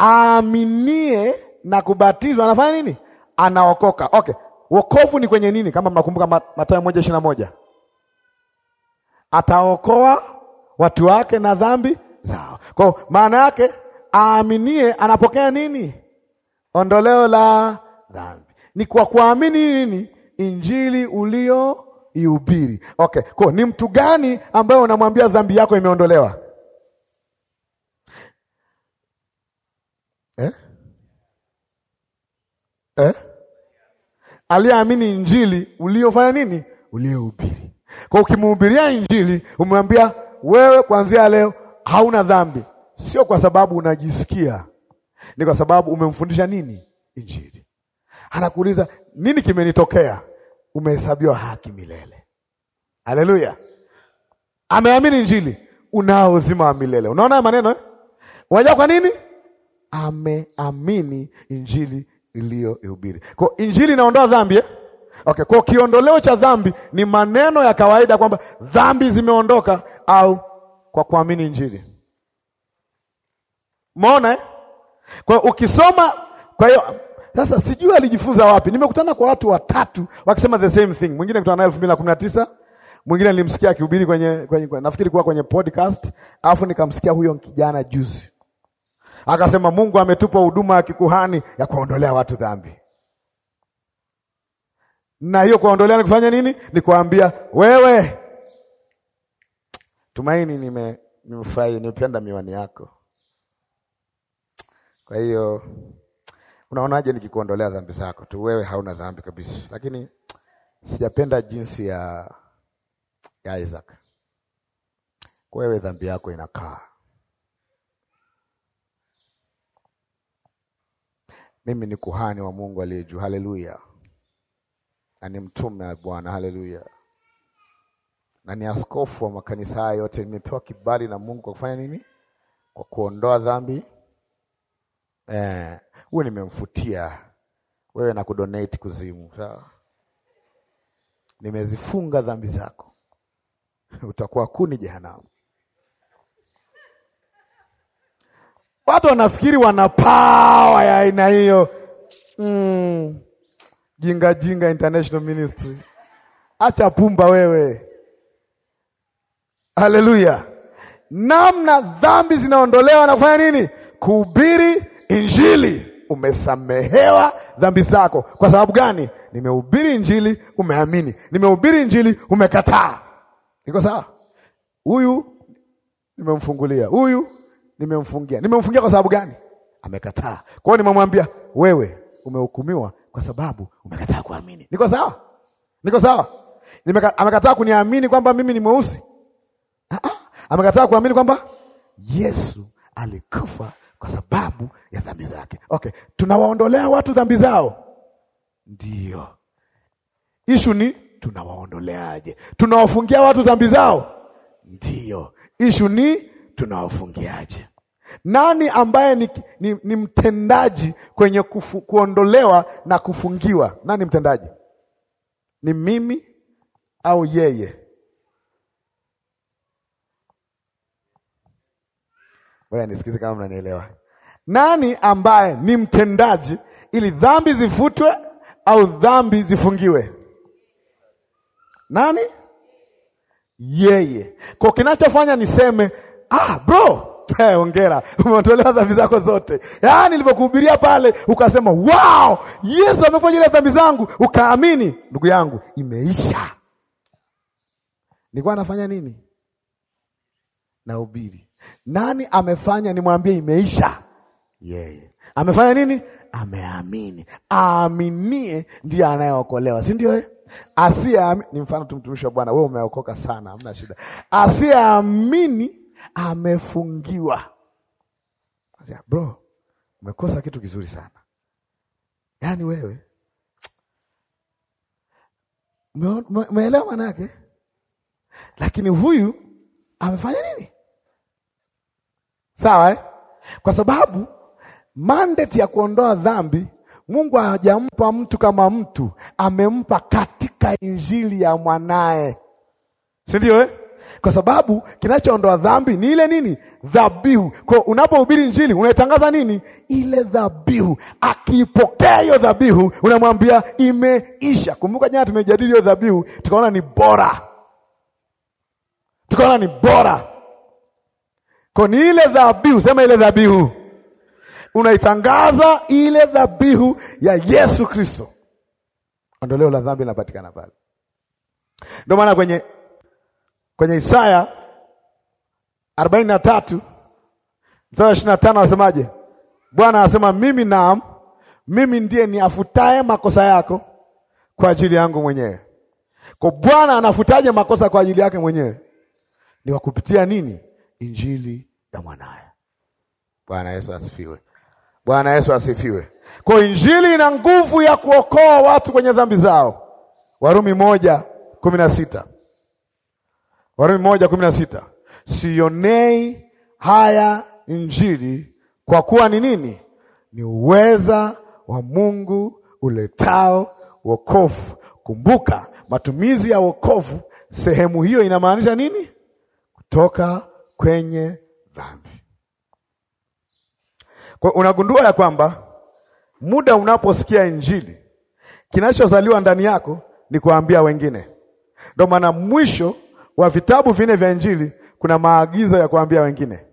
Aaminie na kubatizwa anafanya nini? Anaokoka. Okay, wokovu ni kwenye nini? Kama mnakumbuka Mathayo moja ishirini na moja, ataokoa watu wake na dhambi zao. Kwa maana yake aaminie anapokea nini? ondoleo la dhambi ni kwa kuamini nini? Injili ulioihubiri. Okay, kwa ni mtu gani ambaye unamwambia dhambi yako imeondolewa eh? Eh? Aliyeamini injili uliofanya nini? Uliohubiri. Kwa ukimhubiria injili, umemwambia wewe, kuanzia leo hauna dhambi, sio kwa sababu unajisikia ni kwa sababu umemfundisha nini? Injili. Anakuuliza nini kimenitokea? Umehesabiwa haki milele. Haleluya! Ameamini Injili, unao uzima wa milele. Unaona maneno eh? Unajua kwa nini ameamini Injili iliyohubiri? Kwa Injili inaondoa dhambi eh? Okay, kwa kiondoleo cha dhambi ni maneno ya kawaida kwamba dhambi zimeondoka, au kwa kuamini Injili. Umeona eh? Kwa hiyo ukisoma, kwa hiyo sasa sijui alijifunza wapi. Nimekutana kwa watu watatu wakisema the same thing. Mwingine kutana naye 2019, mwingine nilimsikia akihubiri kwenye, kwenye, kwenye nafikiri kuwa kwenye podcast, alafu nikamsikia huyo kijana juzi akasema Mungu ametupa huduma ya kikuhani ya kuondolea watu dhambi. Na hiyo kuondolea ni kufanya nini? Ni kuambia wewe Tumaini, nimefurahi nimependa miwani yako. Kwa hiyo unaonaje nikikuondolea dhambi zako tu? Wewe hauna dhambi kabisa, lakini sijapenda jinsi ya, ya Isaac. Wewe dhambi yako inakaa, mimi ni kuhani wa Mungu aliye juu, haleluya, na ni mtume wa Bwana, haleluya, na ni askofu wa makanisa haya yote. Nimepewa kibali na Mungu kwa kufanya nini? Kwa kuondoa dhambi eh, huwe nimemfutia wewe na kudonate kuzimu, sawa? Nimezifunga dhambi zako, [laughs] utakuwa kuni jehanamu. Watu wanafikiri wana power ya aina hiyo. Mm. Jinga Jinga International Ministry, acha pumba wewe. Haleluya! Namna dhambi zinaondolewa na kufanya nini? Kuhubiri Injili, umesamehewa dhambi zako. Kwa sababu gani? Nimehubiri Injili, umeamini. Nimehubiri Injili, umekataa. Iko sawa? Huyu nimemfungulia, huyu nimemfungia. Nimemfungia kwa sababu gani? Amekataa. Kwa hiyo nimemwambia wewe umehukumiwa kwa sababu umekataa kuamini. Niko sawa? Niko sawa? Nimeka, amekataa kuniamini kwamba mimi ni mweusi. Ah, ah. amekataa kuamini kwamba Yesu alikufa kwa sababu ya dhambi zake. Okay, tunawaondolea watu dhambi zao, ndio ishu ni tunawaondoleaje? Tunawafungia watu dhambi zao, ndio ishu ni tunawafungiaje? Nani ambaye ni, ni, ni mtendaji kwenye kufu, kuondolewa na kufungiwa? Nani mtendaji? Ni mimi au yeye? Wewe nisikize kama mnanielewa. Nani ambaye ni mtendaji ili dhambi zifutwe au dhambi zifungiwe? Nani? Yeye. Kwa kinachofanya niseme ah, bro [laughs] ongera umeondolewa dhambi zako zote. Yaani nilipokuhubiria pale ukasema wow, Yesu amefanya ile dhambi zangu, ukaamini. Ndugu yangu, imeisha. Nilikuwa nafanya nini? Nahubiri. Nani amefanya nimwambie imeisha? Yeye. Yeah. Amefanya nini? Ameamini. Aaminie ndiye anayeokolewa, si ndio? Eh? Asiyeamini ni mfano tu, mtumishi wa Bwana, wewe umeokoka sana, hamna shida. Asiyeamini amefungiwa. Bro, umekosa kitu kizuri sana. Yaani wewe umeelewa maana yake, lakini huyu amefanya nini? Sawa eh? Kwa sababu mandate ya kuondoa dhambi Mungu hajampa mtu kama mtu, amempa katika injili ya mwanaye, si ndio eh? Kwa sababu kinachoondoa dhambi ni ile nini? Dhabihu. Kwa unapohubiri injili unaitangaza nini? Ile dhabihu. Akiipokea hiyo dhabihu, unamwambia imeisha. Kumbuka jana tumejadili hiyo dhabihu, tukaona ni bora, tukaona ni bora kwa ni ile dhabihu, sema ile dhabihu, unaitangaza ile dhabihu ya Yesu Kristo, ondoleo la dhambi linapatikana pale. Ndio maana kwenye kwenye Isaya 43 mstari ishirini na anasemaje? Bwana anasema mimi, naam, mimi ndiye niafutaye makosa yako kwa ajili yangu mwenyewe. Kwa Bwana anafutaje makosa kwa ajili yake mwenyewe? Ni kwa kupitia nini? injili ya mwanaye. Bwana Yesu asifiwe! Bwana Yesu asifiwe! Kwa injili ina nguvu ya kuokoa watu kwenye dhambi zao. Warumi moja kumi na sita Warumi moja kumi na sita Sionei haya injili kwa kuwa ni nini? Ni uweza wa Mungu uletao wokovu. Kumbuka matumizi ya wokovu, sehemu hiyo inamaanisha nini? Kutoka kwenye dhambi. Kwa unagundua ya kwamba muda unaposikia Injili, kinachozaliwa ndani yako ni kuambia wengine. Ndio maana mwisho wa vitabu vinne vya Injili kuna maagizo ya kuambia wengine.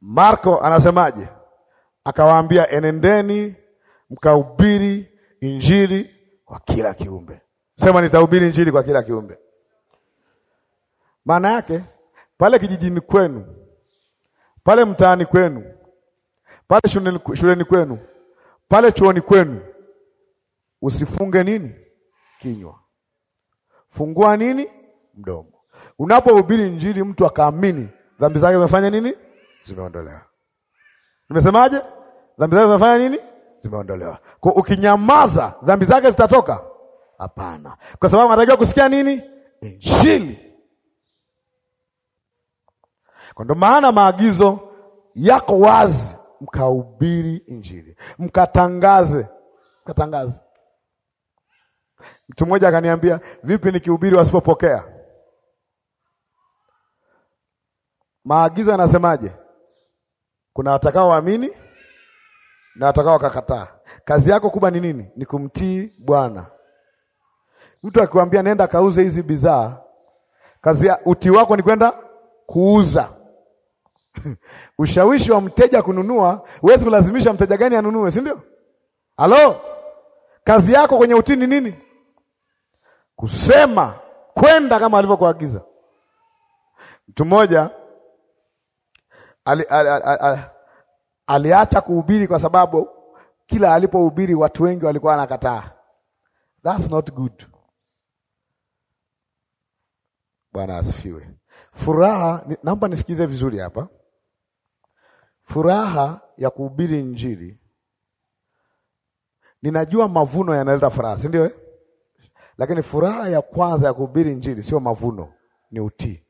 Marko anasemaje? Akawaambia, enendeni mkahubiri injili kwa kila kiumbe. Sema, nitahubiri injili kwa kila kiumbe. Maana yake pale kijijini kwenu, pale mtaani kwenu, pale shuleni kwenu, pale chuoni kwenu, usifunge nini kinywa, fungua nini mdomo. Unapohubiri Injili mtu akaamini, dhambi zake zimefanya nini? Zimeondolewa. Nimesemaje? Dhambi zake zimefanya nini? Zimeondolewa. Kwa ukinyamaza, dhambi zake zitatoka? Hapana, kwa sababu anatakiwa kusikia nini? Injili yako. Ndio maana maagizo yako wazi, mkahubiri Injili, mkatangaze, mkatangaze. Mtu mmoja akaniambia, vipi nikihubiri wasipopokea? Maagizo yanasemaje? Kuna waamini na watakao wakakataa Kazi yako kubwa ni nini? Ni kumtii Bwana. Mtu akikwambia nenda kauze hizi bidhaa, kazi ya utii wako ni kwenda kuuza. [laughs] ushawishi wa mteja kununua, huwezi kulazimisha mteja gani anunue, si ndio? Halo, kazi yako kwenye utini nini? Kusema, kwenda kama alivyokuagiza. Mtu mmoja ali, ali, ali, ali, aliacha kuhubiri kwa sababu kila alipohubiri watu wengi walikuwa wanakataa. That's not good. Bwana asifiwe. Furaha, naomba nisikize vizuri hapa furaha ya kuhubiri Injili. Ninajua mavuno yanaleta furaha, si ndio? Eh? Lakini furaha ya kwanza ya kuhubiri Injili sio mavuno, ni utii.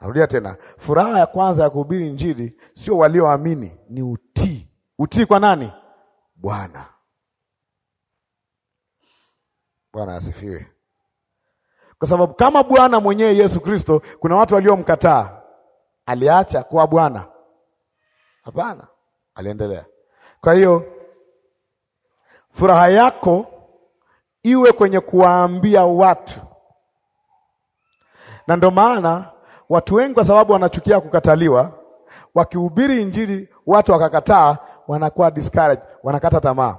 Narudia tena, furaha ya kwanza ya kuhubiri Injili sio walioamini, ni utii. Utii kwa nani? Bwana. Bwana asifiwe. Kwa sababu kama Bwana mwenyewe Yesu Kristo, kuna watu waliomkataa aliacha kuwa bwana? Hapana, aliendelea. Kwa hiyo furaha yako iwe kwenye kuwaambia watu, na ndio maana watu wengi, kwa sababu wanachukia kukataliwa, wakihubiri Injili watu wakakataa, wanakuwa discourage, wanakata tamaa.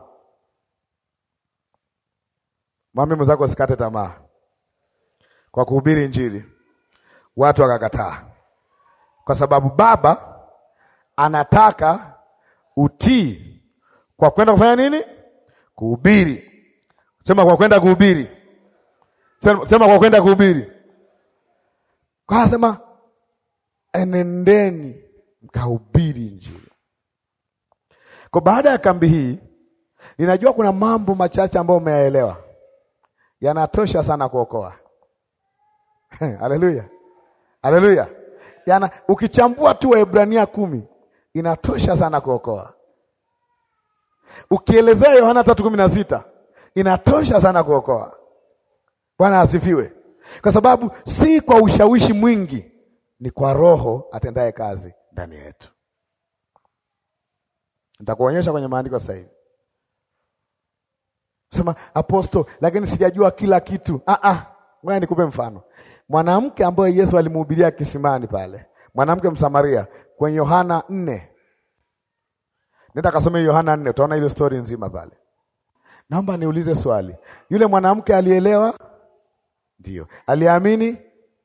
Mwambie mwenzako usikate tamaa kwa kuhubiri Injili, watu wakakataa kwa sababu Baba anataka utii kwa kwenda kufanya nini? Kuhubiri. Sema kwa kwenda kuhubiri. Sema, kwa kwenda kuhubiri. Kwa sema enendeni mkahubiri Injili. Kwa baada ya kambi hii ninajua kuna mambo machache ambayo umeyaelewa yanatosha sana kuokoa. [laughs] Haleluya. Haleluya jana, ukichambua tu Waebrania kumi inatosha sana kuokoa. Ukielezea Yohana tatu kumi na sita inatosha sana kuokoa. Bwana asifiwe, kwa sababu si kwa ushawishi mwingi, ni kwa Roho atendaye kazi ndani yetu. Nitakuonyesha kwenye maandiko sasa hivi. Sema apostol, lakini sijajua kila kitu. Ah ah, ngoja nikupe mfano mwanamke ambaye Yesu alimhubiria kisimani pale, mwanamke Msamaria kwenye Yohana nne. Nenda kasome Yohana nne, utaona ile story nzima pale. Naomba niulize swali, yule mwanamke alielewa? Ndio, aliamini?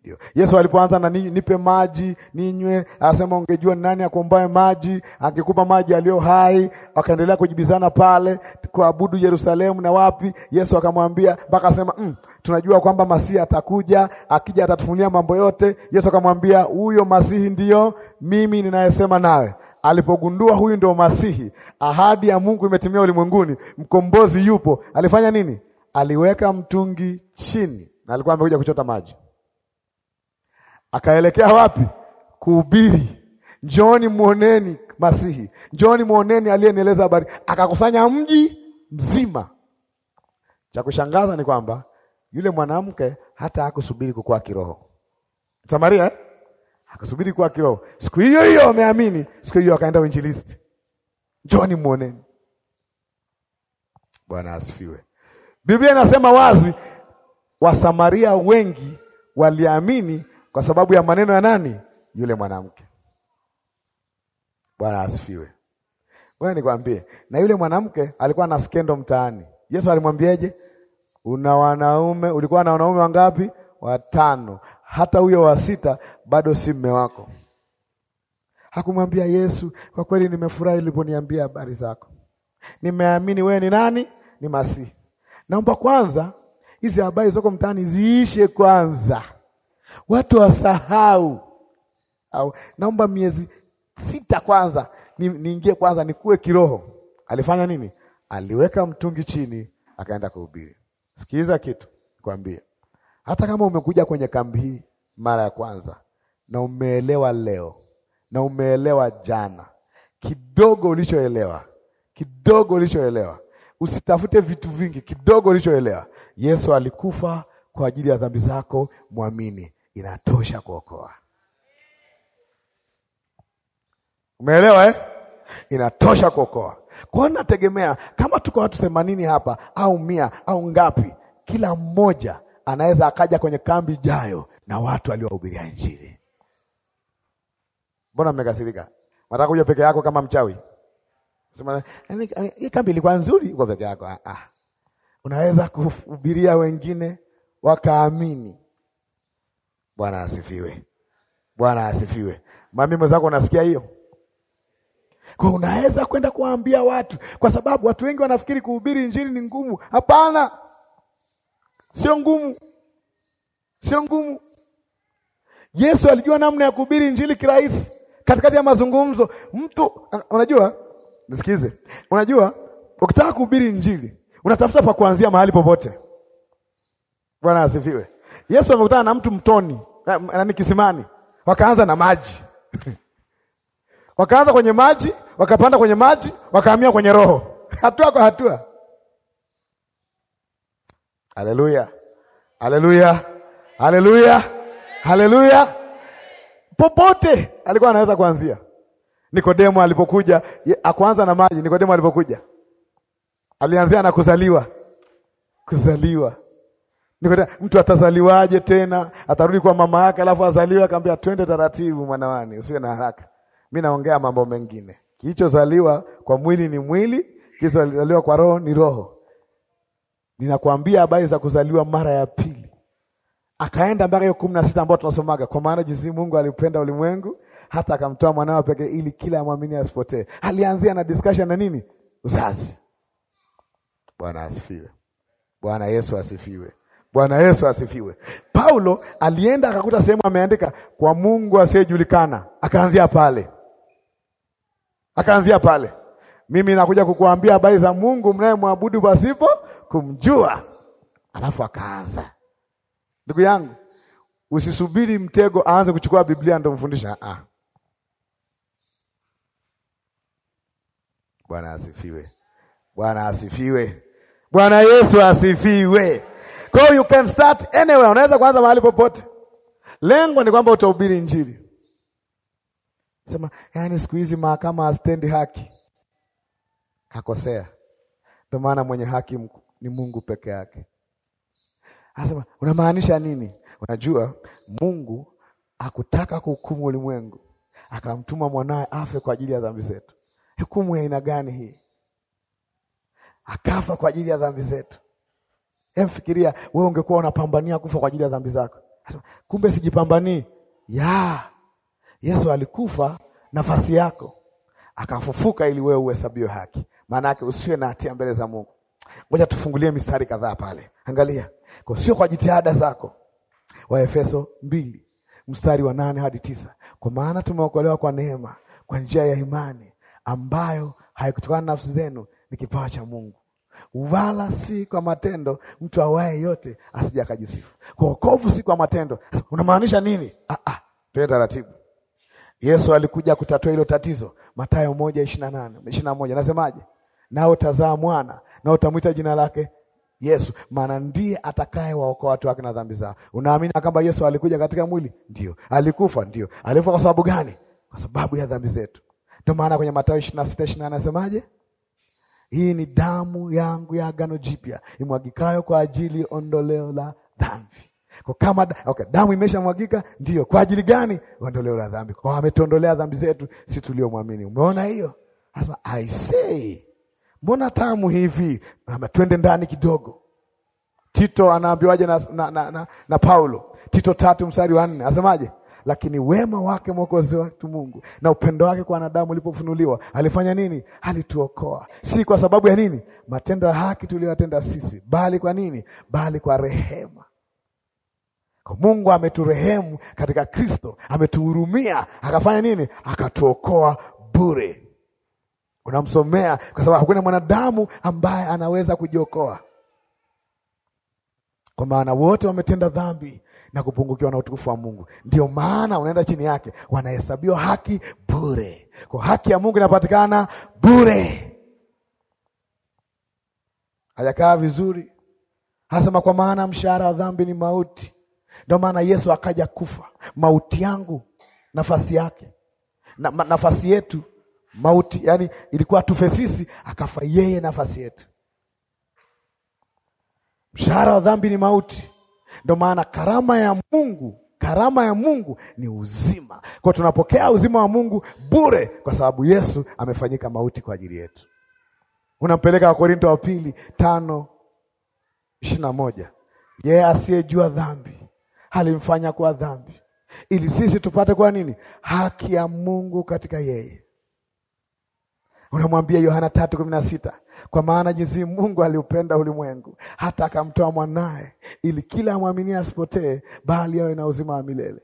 Ndio Yesu alipoanza na nipe maji ninywe, asema ungejua ni nani akuombaye maji, angekupa maji aliyo hai. Wakaendelea kujibizana pale kuabudu Yerusalemu na wapi. Yesu akamwambia mpaka asema mm, tunajua kwamba Masihi atakuja, akija atatufunulia mambo yote. Yesu akamwambia huyo Masihi ndiyo mimi ninayesema nawe. Alipogundua huyu ndio Masihi, ahadi ya Mungu imetimia ulimwenguni, mkombozi yupo, alifanya nini? Aliweka mtungi chini na alikuwa amekuja kuchota maji akaelekea wapi? Kuhubiri, njooni mwoneni Masihi, njooni mwoneni aliyenieleza habari, akakusanya mji mzima. Cha kushangaza ni kwamba yule mwanamke hata hakusubiri kukua kiroho. Samaria eh? hakusubiri kukua kiroho, siku hiyo hiyo ameamini, siku hiyo akaenda uinjilisti. Njooni mwoneni. Bwana asifiwe. Biblia inasema wazi, Wasamaria wengi waliamini kwa sababu ya maneno ya nani? Yule mwanamke. Bwana asifiwe. Wewe nikwambie, na yule mwanamke alikuwa na skendo mtaani. Yesu alimwambiaje? Una wanaume, ulikuwa na wanaume wangapi? Watano. Hata huyo wa sita bado si mme wako. Hakumwambia Yesu, kwa kweli nimefurahi uliponiambia habari zako, nimeamini wewe ni nani? Ni Masihi. Naomba kwanza hizi habari zako mtaani ziishe kwanza watu wasahau au naomba miezi sita kwanza niingie kwanza nikue kiroho. Alifanya nini? Aliweka mtungi chini akaenda kuhubiri. Sikiliza kitu kwambie, hata kama umekuja kwenye kambi hii mara ya kwanza na umeelewa leo na umeelewa jana, kidogo ulichoelewa, kidogo ulichoelewa, usitafute vitu vingi, kidogo ulichoelewa. Yesu alikufa kwa ajili ya dhambi zako, mwamini inatosha kuokoa. Umeelewa eh? Inatosha kuokoa. Kwa hiyo nategemea kama tuko watu themanini hapa au mia au ngapi, kila mmoja anaweza akaja kwenye kambi ijayo na watu aliowahubiria Injili. Mbona mmekasirika? Nataka kuja peke yako kama mchawi? Sema yaani, yaani, hii kambi ilikuwa nzuri, uko peke yako. Ah, ah, unaweza kuhubiria wengine wakaamini. Bwana asifiwe, Bwana asifiwe. Mami mwenzako, unasikia hiyo? Kwa unaweza kwenda kuwaambia watu, kwa sababu watu wengi wanafikiri kuhubiri injili ni ngumu. Hapana, sio ngumu, sio ngumu. Yesu alijua namna ya kuhubiri injili kirahisi katikati ya mazungumzo. Mtu unajua, nisikize, unajua ukitaka kuhubiri injili unatafuta pa kuanzia mahali popote. Bwana asifiwe. Yesu amekutana na mtu mtoni nani kisimani, wakaanza na maji [laughs] wakaanza kwenye maji, wakapanda kwenye maji, wakahamia kwenye roho, [laughs] hatua kwa hatua. Haleluya, haleluya, haleluya, haleluya! Popote alikuwa anaweza kuanzia. Nikodemo alipokuja akuanza na maji. Nikodemo alipokuja alianzia na kuzaliwa, kuzaliwa Nikuta mtu atazaliwaje tena? Atarudi kwa mama yake alafu azaliwe akamwambia twende taratibu mwanawani, usiwe na haraka. Mimi naongea mambo mengine. Kilichozaliwa kwa mwili ni mwili, kilichozaliwa kwa roho ni roho. Ninakwambia habari za kuzaliwa mara ya pili. Akaenda mpaka hiyo kumi na sita ambayo tunasomaga, kwa maana jinsi Mungu alipenda ulimwengu hata akamtoa mwanawe pekee ili kila mwamini asipotee. Alianzia na discussion na nini? Uzazi. Bwana asifiwe. Bwana Yesu asifiwe. Bwana Yesu asifiwe. Paulo alienda akakuta sehemu ameandika kwa Mungu asiyejulikana, akaanzia pale, akaanzia pale, mimi nakuja kukuambia habari za Mungu mnayemwabudu pasipo kumjua, alafu akaanza. Ndugu yangu, usisubiri mtego aanze kuchukua Biblia ndio mfundisha. Ah, Bwana asifiwe. Bwana asifiwe. Bwana Yesu asifiwe. Kwa hiyo you can start anywhere, unaweza kuanza mahali popote. Lengo ni kwamba utahubiri Injili. Sema, yani siku hizi mahakama hazitendi haki, kakosea. Ndio maana mwenye haki ni Mungu peke yake. Anasema, unamaanisha nini? Unajua Mungu akutaka kuhukumu ulimwengu, akamtuma mwanawe afe kwa ajili ya dhambi zetu. Hukumu ya aina gani hii? Akafa kwa ajili ya dhambi zetu. Emfikiria wewe ungekuwa unapambania kufa kwa ajili ya dhambi zako, kumbe sijipambanii. Ya Yesu alikufa nafasi yako, akafufuka ili wewe uhesabiwe haki, maana yake usiwe na hatia mbele za Mungu. Ngoja tufungulie mistari kadhaa pale, angalia kwa sio kwa jitihada zako, Waefeso mbili mstari wa nane hadi tisa kwa maana tumeokolewa kwa neema, kwa njia ya imani ambayo haikutokana na nafsi zenu, ni kipawa cha Mungu wala si kwa matendo, mtu awaye yote asija akajisifu. Kwa wokovu si kwa matendo. Unamaanisha nini? Ah, ah, tuwe taratibu. Yesu alikuja kutatua hilo tatizo. Mathayo moja ishirini na nane ishirini na moja nasemaje? Nao tazaa mwana nao utamwita jina lake Yesu, maana ndiye atakaye waokoa watu wake na dhambi zao. Unaamini kwamba Yesu alikuja katika mwili? Ndio. Alikufa? Ndio. Alikufa kwa sababu gani? Kwa sababu ya dhambi zetu. Ndio maana kwenye Mathayo ishirini na sita ishirini na nane anasemaje? Hii ni damu yangu ya agano jipya imwagikayo kwa ajili ondoleo la dhambi. Kwa kama okay, damu imeshamwagika ndio kwa ajili gani? Ondoleo la dhambi. Kwa ametuondolea dhambi zetu si tuliomwamini. Umeona hiyo? Asema I say. Mbona tamu hivi? Ama twende ndani kidogo. Tito anaambiwaje na, na, na, na, na Paulo? Tito tatu mstari wa nne asemaje? lakini wema wake mwokozi wetu Mungu na upendo wake kwa wanadamu ulipofunuliwa, alifanya nini? Alituokoa, si kwa sababu ya nini? Matendo ya haki tuliyotenda sisi, bali kwa nini? Bali kwa rehema. Kwa Mungu ameturehemu katika Kristo, ametuhurumia, akafanya nini? Akatuokoa bure. Unamsomea kwa sababu hakuna mwanadamu ambaye anaweza kujiokoa, kwa maana wote wametenda dhambi na kupungukiwa na utukufu wa Mungu. Ndio maana unaenda chini yake, wanahesabiwa haki bure. Kwa haki ya Mungu inapatikana bure. Hajakaa vizuri, anasema kwa maana mshahara wa dhambi ni mauti. Ndio maana Yesu akaja kufa, mauti yangu, nafasi yake na, ma, nafasi yetu mauti, yani ilikuwa tufe sisi, akafa yeye nafasi yetu. Mshahara wa dhambi ni mauti. Ndio maana karama ya Mungu, karama ya Mungu ni uzima. Kwa tunapokea uzima wa Mungu bure, kwa sababu Yesu amefanyika mauti kwa ajili yetu. Unampeleka Wakorinto wa pili tano ishirini na moja yeye asiyejua dhambi alimfanya kuwa dhambi ili sisi tupate kuwa nini? Haki ya Mungu katika yeye. Unamwambia Yohana tatu kumi na sita kwa maana jinsi Mungu aliupenda ulimwengu hata akamtoa mwanaye ili kila amwaminie asipotee bali awe na uzima wa milele.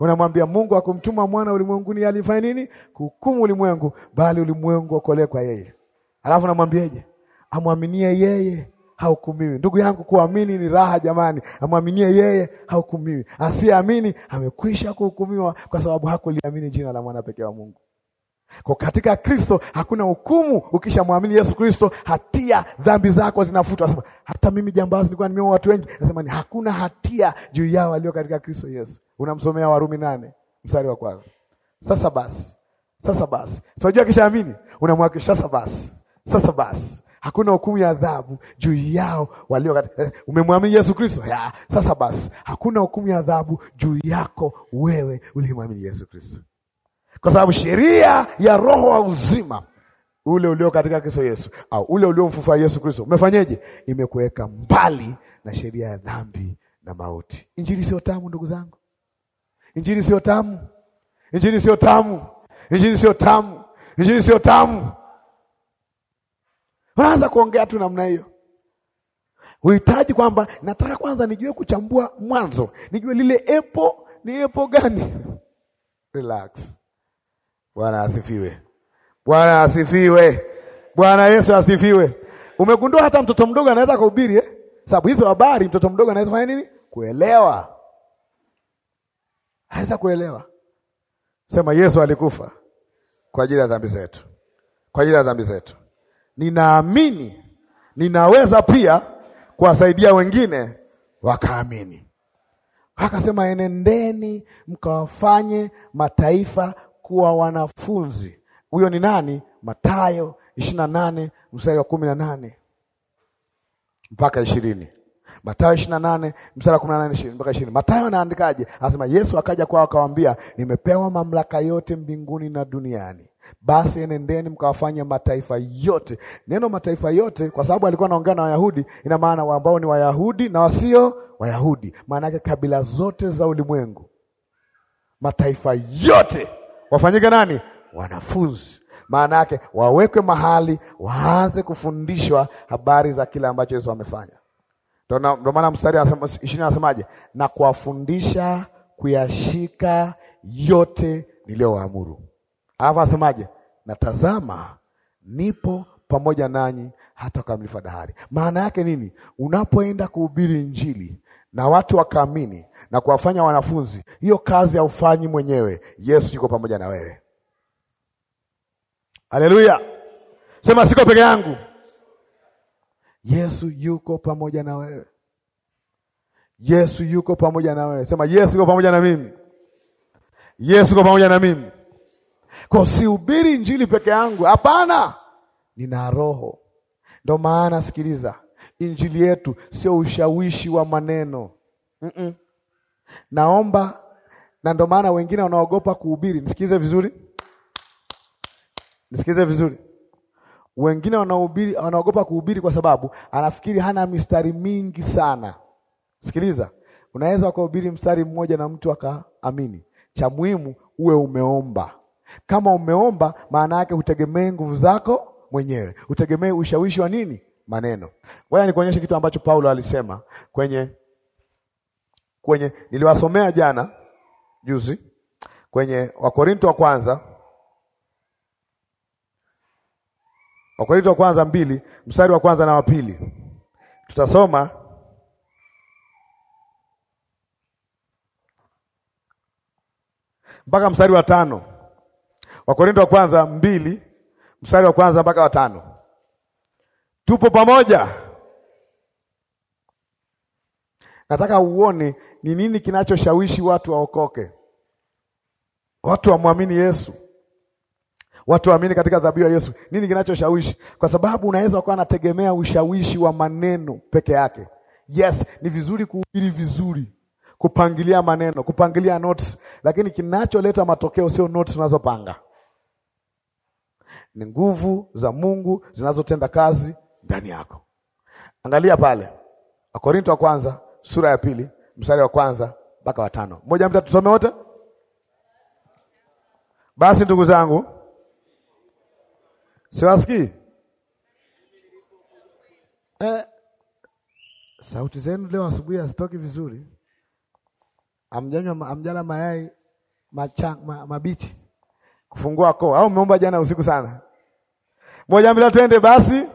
Unamwambia Mungu akumtuma mwana ulimwenguni alifanya nini? Kuhukumu ulimwengu, bali ulimwengu okolewe kwa yeye. Alafu namwambiaje? Amwaminie yeye hahukumiwi. Ndugu yangu, kuamini ni raha jamani. Amwaminie yeye hahukumiwi, asiyeamini amekwisha kuhukumiwa, kwa sababu hakuliamini jina la mwana pekee wa Mungu. Kwa katika Kristo hakuna hukumu. Ukishamwamini Yesu Kristo, hatia dhambi zako zinafutwa. Sema hata mimi jambazi nilikuwa nimeua watu wengi, nasema ni hakuna hatia juu yao walio katika Kristo Yesu. Unamsomea Warumi nane mstari wa kwanza. Sasa basi, sasa basi, unajua kishaamini unamwakisha. Sasa basi, sasa basi, hakuna hukumu ya adhabu juu yao walio katika. Eh, umemwamini Yesu Kristo sasa basi, hakuna hukumu ya adhabu juu yako wewe uliyemwamini Yesu Kristo kwa sababu sheria ya roho wa uzima ule ulio katika Kristo Yesu au ule uliomfufua Yesu Kristo umefanyeje? Imekuweka mbali na sheria ya dhambi na mauti. Injili sio tamu, ndugu zangu, injili sio tamu, injili sio tamu, injili sio tamu, injili sio tamu. Unaanza kuongea tu namna hiyo, uhitaji kwamba nataka kwanza nijue kuchambua mwanzo, nijue lile epo ni epo gani. [laughs] Relax. Bwana asifiwe. Bwana asifiwe. Bwana Yesu asifiwe. Umegundua hata mtoto mdogo anaweza kuhubiri eh? Sababu hizo habari mtoto mdogo anaweza fanya nini? Kuelewa. Anaweza kuelewa. Sema Yesu alikufa kwa ajili ya dhambi zetu. Kwa ajili ya dhambi zetu. Ninaamini ninaweza pia kuwasaidia wengine wakaamini. Akasema enendeni mkawafanye mataifa kuwa wanafunzi. Huyo ni nani? Mathayo ishirini na nane mstari wa kumi na nane mpaka ishirini. Mathayo ishirini na nane mstari wa kumi na nane mpaka ishirini. Mathayo anaandikaje? Anasema Yesu akaja kwao akawaambia, nimepewa mamlaka yote mbinguni na duniani, basi enendeni mkawafanye mataifa yote. Neno mataifa yote, kwa sababu alikuwa anaongea na Wayahudi, ina maana ambao ni Wayahudi na wasio Wayahudi, maana yake kabila zote za ulimwengu, mataifa yote wafanyike nani? Wanafunzi. Maana yake wawekwe mahali, waanze kufundishwa habari za kile ambacho Yesu amefanya. Ndio maana mstari ishirini anasemaje? Na kuwafundisha kuyashika yote niliyowaamuru. Alafu anasemaje Na tazama, nipo pamoja nanyi hata ukamilifu wa dahari. Maana yake nini? Unapoenda kuhubiri Injili, na watu wakaamini na kuwafanya wanafunzi. Hiyo kazi haufanyi mwenyewe, Yesu yuko pamoja na wewe. Haleluya! Sema siko peke yangu, Yesu yuko pamoja na wewe. Yesu yuko pamoja na wewe. Sema Yesu yuko pamoja na mimi, Yesu yuko pamoja na mimi. Kwa sihubiri injili peke yangu, hapana, nina Roho. Ndo maana sikiliza injili yetu, sio ushawishi wa maneno mm -mm. Naomba, na ndio maana wengine wanaogopa kuhubiri. Nisikize vizuri, nisikize vizuri. Wengine wanahubiri, wanaogopa kuhubiri kwa sababu anafikiri hana mistari mingi sana. Sikiliza, unaweza ukahubiri mstari mmoja na mtu akaamini. Cha muhimu uwe umeomba. Kama umeomba, maana yake utegemee nguvu zako mwenyewe, utegemee ushawishi wa nini maneno. Ngoja nikuonyeshe kitu ambacho Paulo alisema kwenye kwenye niliwasomea jana juzi kwenye Wakorinto wa kwanza, Wakorinto wa kwanza mbili mstari wa kwanza na wa pili tutasoma mpaka mstari wa tano. Wakorinto wa kwanza mbili mstari wa kwanza mpaka wa tano. Tupo pamoja. Nataka uone ni nini kinachoshawishi watu waokoke, watu wamwamini Yesu, watu waamini katika dhabihu ya Yesu. Nini kinachoshawishi? Kwa sababu unaweza kuwa anategemea ushawishi wa maneno peke yake. Yes, ni vizuri kuhubiri vizuri, kupangilia maneno, kupangilia notes, lakini kinacholeta matokeo sio notes unazopanga, ni nguvu za Mungu zinazotenda kazi ndani yako. Angalia pale Wakorinto wa kwanza sura ya pili mstari wa kwanza mpaka watano. Moja, tusome wote. Basi ndugu zangu, siwasikii eh, sauti zenu leo asubuhi hazitoki vizuri. Amjanywa, amjala mayai macha, ma, mabichi kufungua koo, au umeomba jana usiku sana. Moja, mbili, twende basi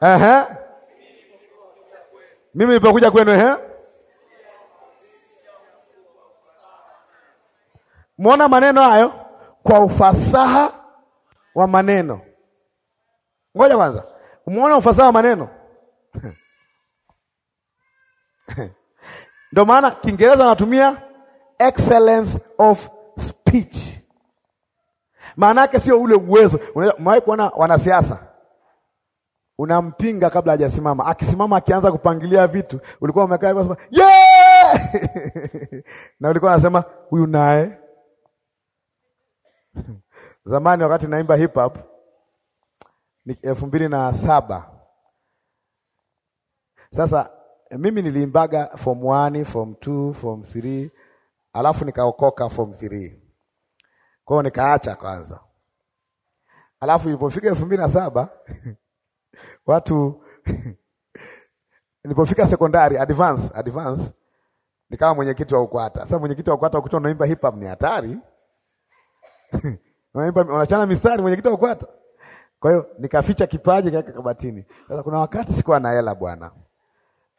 Ehe. Mimi nilipokuja kwenu ehe. Muona maneno hayo kwa ufasaha wa maneno. Ngoja kwanza. Muona ufasaha wa maneno? [laughs] Ndio maana Kiingereza wanatumia excellence of speech. Maana yake sio ule uwezo. Umewahi kuona wanasiasa unampinga kabla hajasimama. Akisimama akianza kupangilia vitu, ulikuwa umekaa hivyo sema yeah! [laughs] na ulikuwa unasema huyu naye. [laughs] Zamani wakati naimba hip hop ni elfu mbili na saba. Sasa mimi niliimbaga form 1, form 2, form 3 alafu nikaokoka form 3. Kwa hiyo nikaacha kwanza, alafu ilipofika elfu mbili na saba [laughs] watu [laughs] nilipofika sekondari advance advance nikawa mwenyekiti wa UKWATA. Sasa mwenyekiti wa UKWATA ukuta unaimba hip hop ni hatari [laughs] unaimba unachana mistari, mwenyekiti wa UKWATA. Kwa hiyo nikaficha kipaji kaka kabatini. Sasa kuna wakati sikuwa na hela bwana,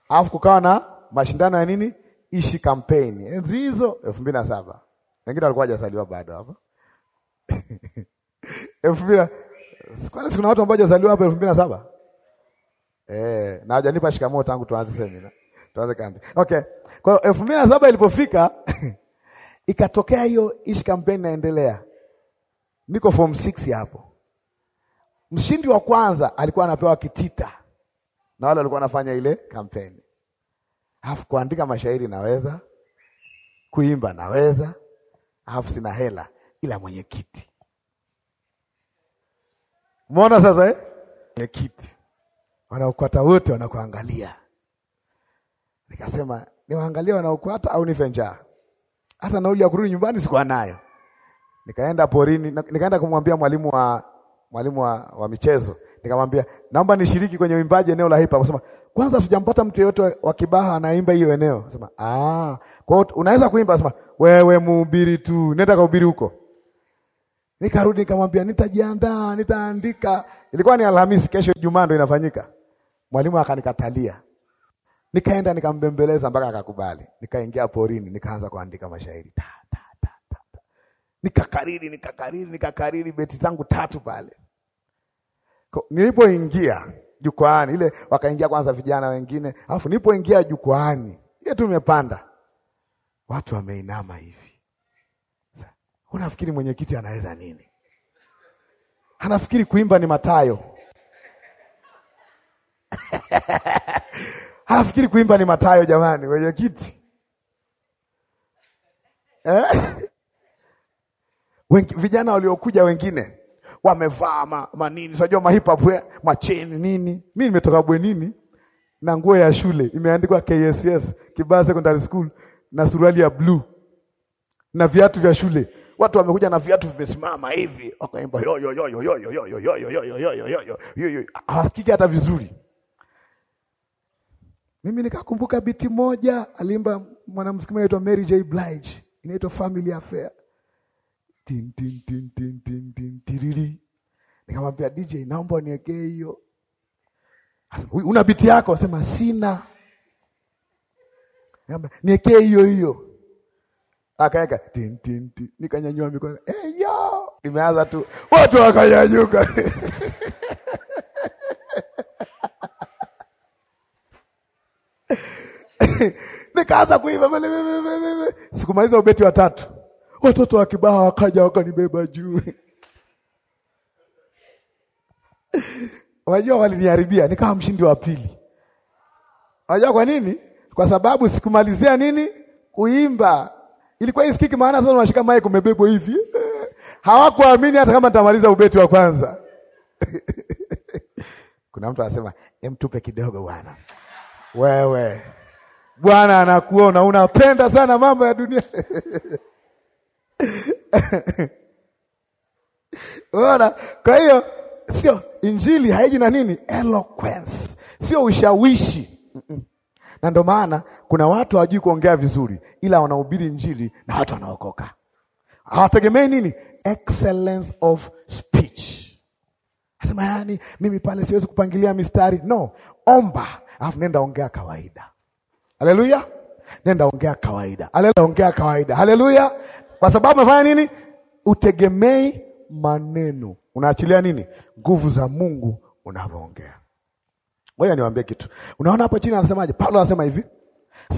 alafu kukawa na mashindano ya nini ishi kampeni enzi hizo 2007. wengine walikuwa hajasaliwa bado hapo. [laughs] elfu Kwani kuna watu ambao wajazaliwa hapo elfu mbili na saba eh, na hajanipa shikamoo tangu tuanze semina, tuanze kambi. Okay, kwa hiyo elfu mbili na saba ilipofika [laughs] ikatokea hiyo ishi kampeni naendelea niko form 6 hapo. Mshindi wa kwanza alikuwa anapewa kitita na wale walikuwa wanafanya ile kampeni, alafu kuandika mashairi naweza, kuimba naweza, alafu sina hela ila mwenyekiti Umeona sasa eh? kiti. Wanaokwata wote wanakuangalia. Nikasema niwaangalie wanaokwata au nife njaa. Hata nauli ya kurudi nyumbani sikuwa nayo. Nikaenda porini, nikaenda kumwambia mwalimu wa mwalimu wa, wa michezo. Nikamwambia, "Naomba nishiriki kwenye uimbaji eneo la hip Akasema, "Kwanza tujampata mtu yeyote wa Kibaha anaimba hiyo eneo." Akasema, "Ah, kwa unaweza kuimba?" Akasema, "Wewe mhubiri tu, nenda kuhubiri huko." Nikarudi nikamwambia nitajiandaa, nitaandika. Ilikuwa ni Alhamisi, kesho Ijumaa ndo inafanyika. Mwalimu akanikatalia. Nikaenda nikambembeleza mpaka akakubali. Nikaingia porini, nikaanza kuandika mashairi. Ta, ta, ta, ta, ta. Nikakariri, nikakariri, nikakariri beti zangu tatu pale. Nilipoingia jukwaani ile wakaingia kwanza vijana wengine, alafu nilipoingia jukwaani ile tumepanda. Watu wameinama hivi. Unafikiri mwenyekiti anaweza nini? Anafikiri kuimba ni matayo [laughs] anafikiri kuimba ni matayo jamani, mwenyekiti eh? [laughs] Vijana waliokuja wengine wamevaa ma, manini unajua mahipap eh, macheni nini. Mi nimetoka bwenini na nguo ya shule imeandikwa KSS Kibaha Secondary School na suruali ya bluu na viatu vya shule watu wamekuja na viatu vimesimama hivi, wakaimba hawasikiki hata vizuri. Mimi nikakumbuka biti moja aliimba mwanamuziki mmoja anaitwa Mary J Blige, inaitwa Family Affair. Tin tin tin tin tin tin tiriri. Nikamwambia DJ, naomba uniwekee hiyo. Una biti yako? Sema sina. Niambia niwekee hiyo hiyo akaweka tin tin tin, nikanyanyua mikono eh, yo tu, watu wakanyanyuka [laughs] nikaanza kuimba bale, sikumaliza ubeti wa tatu, watoto wa Kibaha wakaja wakanibeba juu Wajua, waliniharibia nikawa mshindi wa pili. Wajua kwa nini? Kwa sababu sikumalizia nini kuimba ilikuwa isikiki, maana sasa unashika mic umebebwa hivi. Hawakuamini hata kama nitamaliza ubeti wa kwanza. [laughs] Kuna mtu anasema tupe kidogo bwana. Wewe Bwana anakuona unapenda sana mambo ya dunia. [laughs] Unaona? Kwa hiyo sio injili haiji na nini? Eloquence. Sio ushawishi. Mm -mm na ndio maana kuna watu hawajui kuongea vizuri, ila wanahubiri Injili na watu wanaokoka. Hawategemei nini? Excellence of speech. Asema yani, mimi pale siwezi kupangilia mistari. No, omba alafu nenda ongea kawaida. Haleluya, nenda ongea kawaida. Haleluya, ongea kawaida. Haleluya, kwa sababu umefanya nini? Utegemei maneno, unaachilia nini? Nguvu za Mungu unavyoongea. Ngoja niwaambie kitu. Unaona hapo chini anasemaje? Paulo anasema hivi,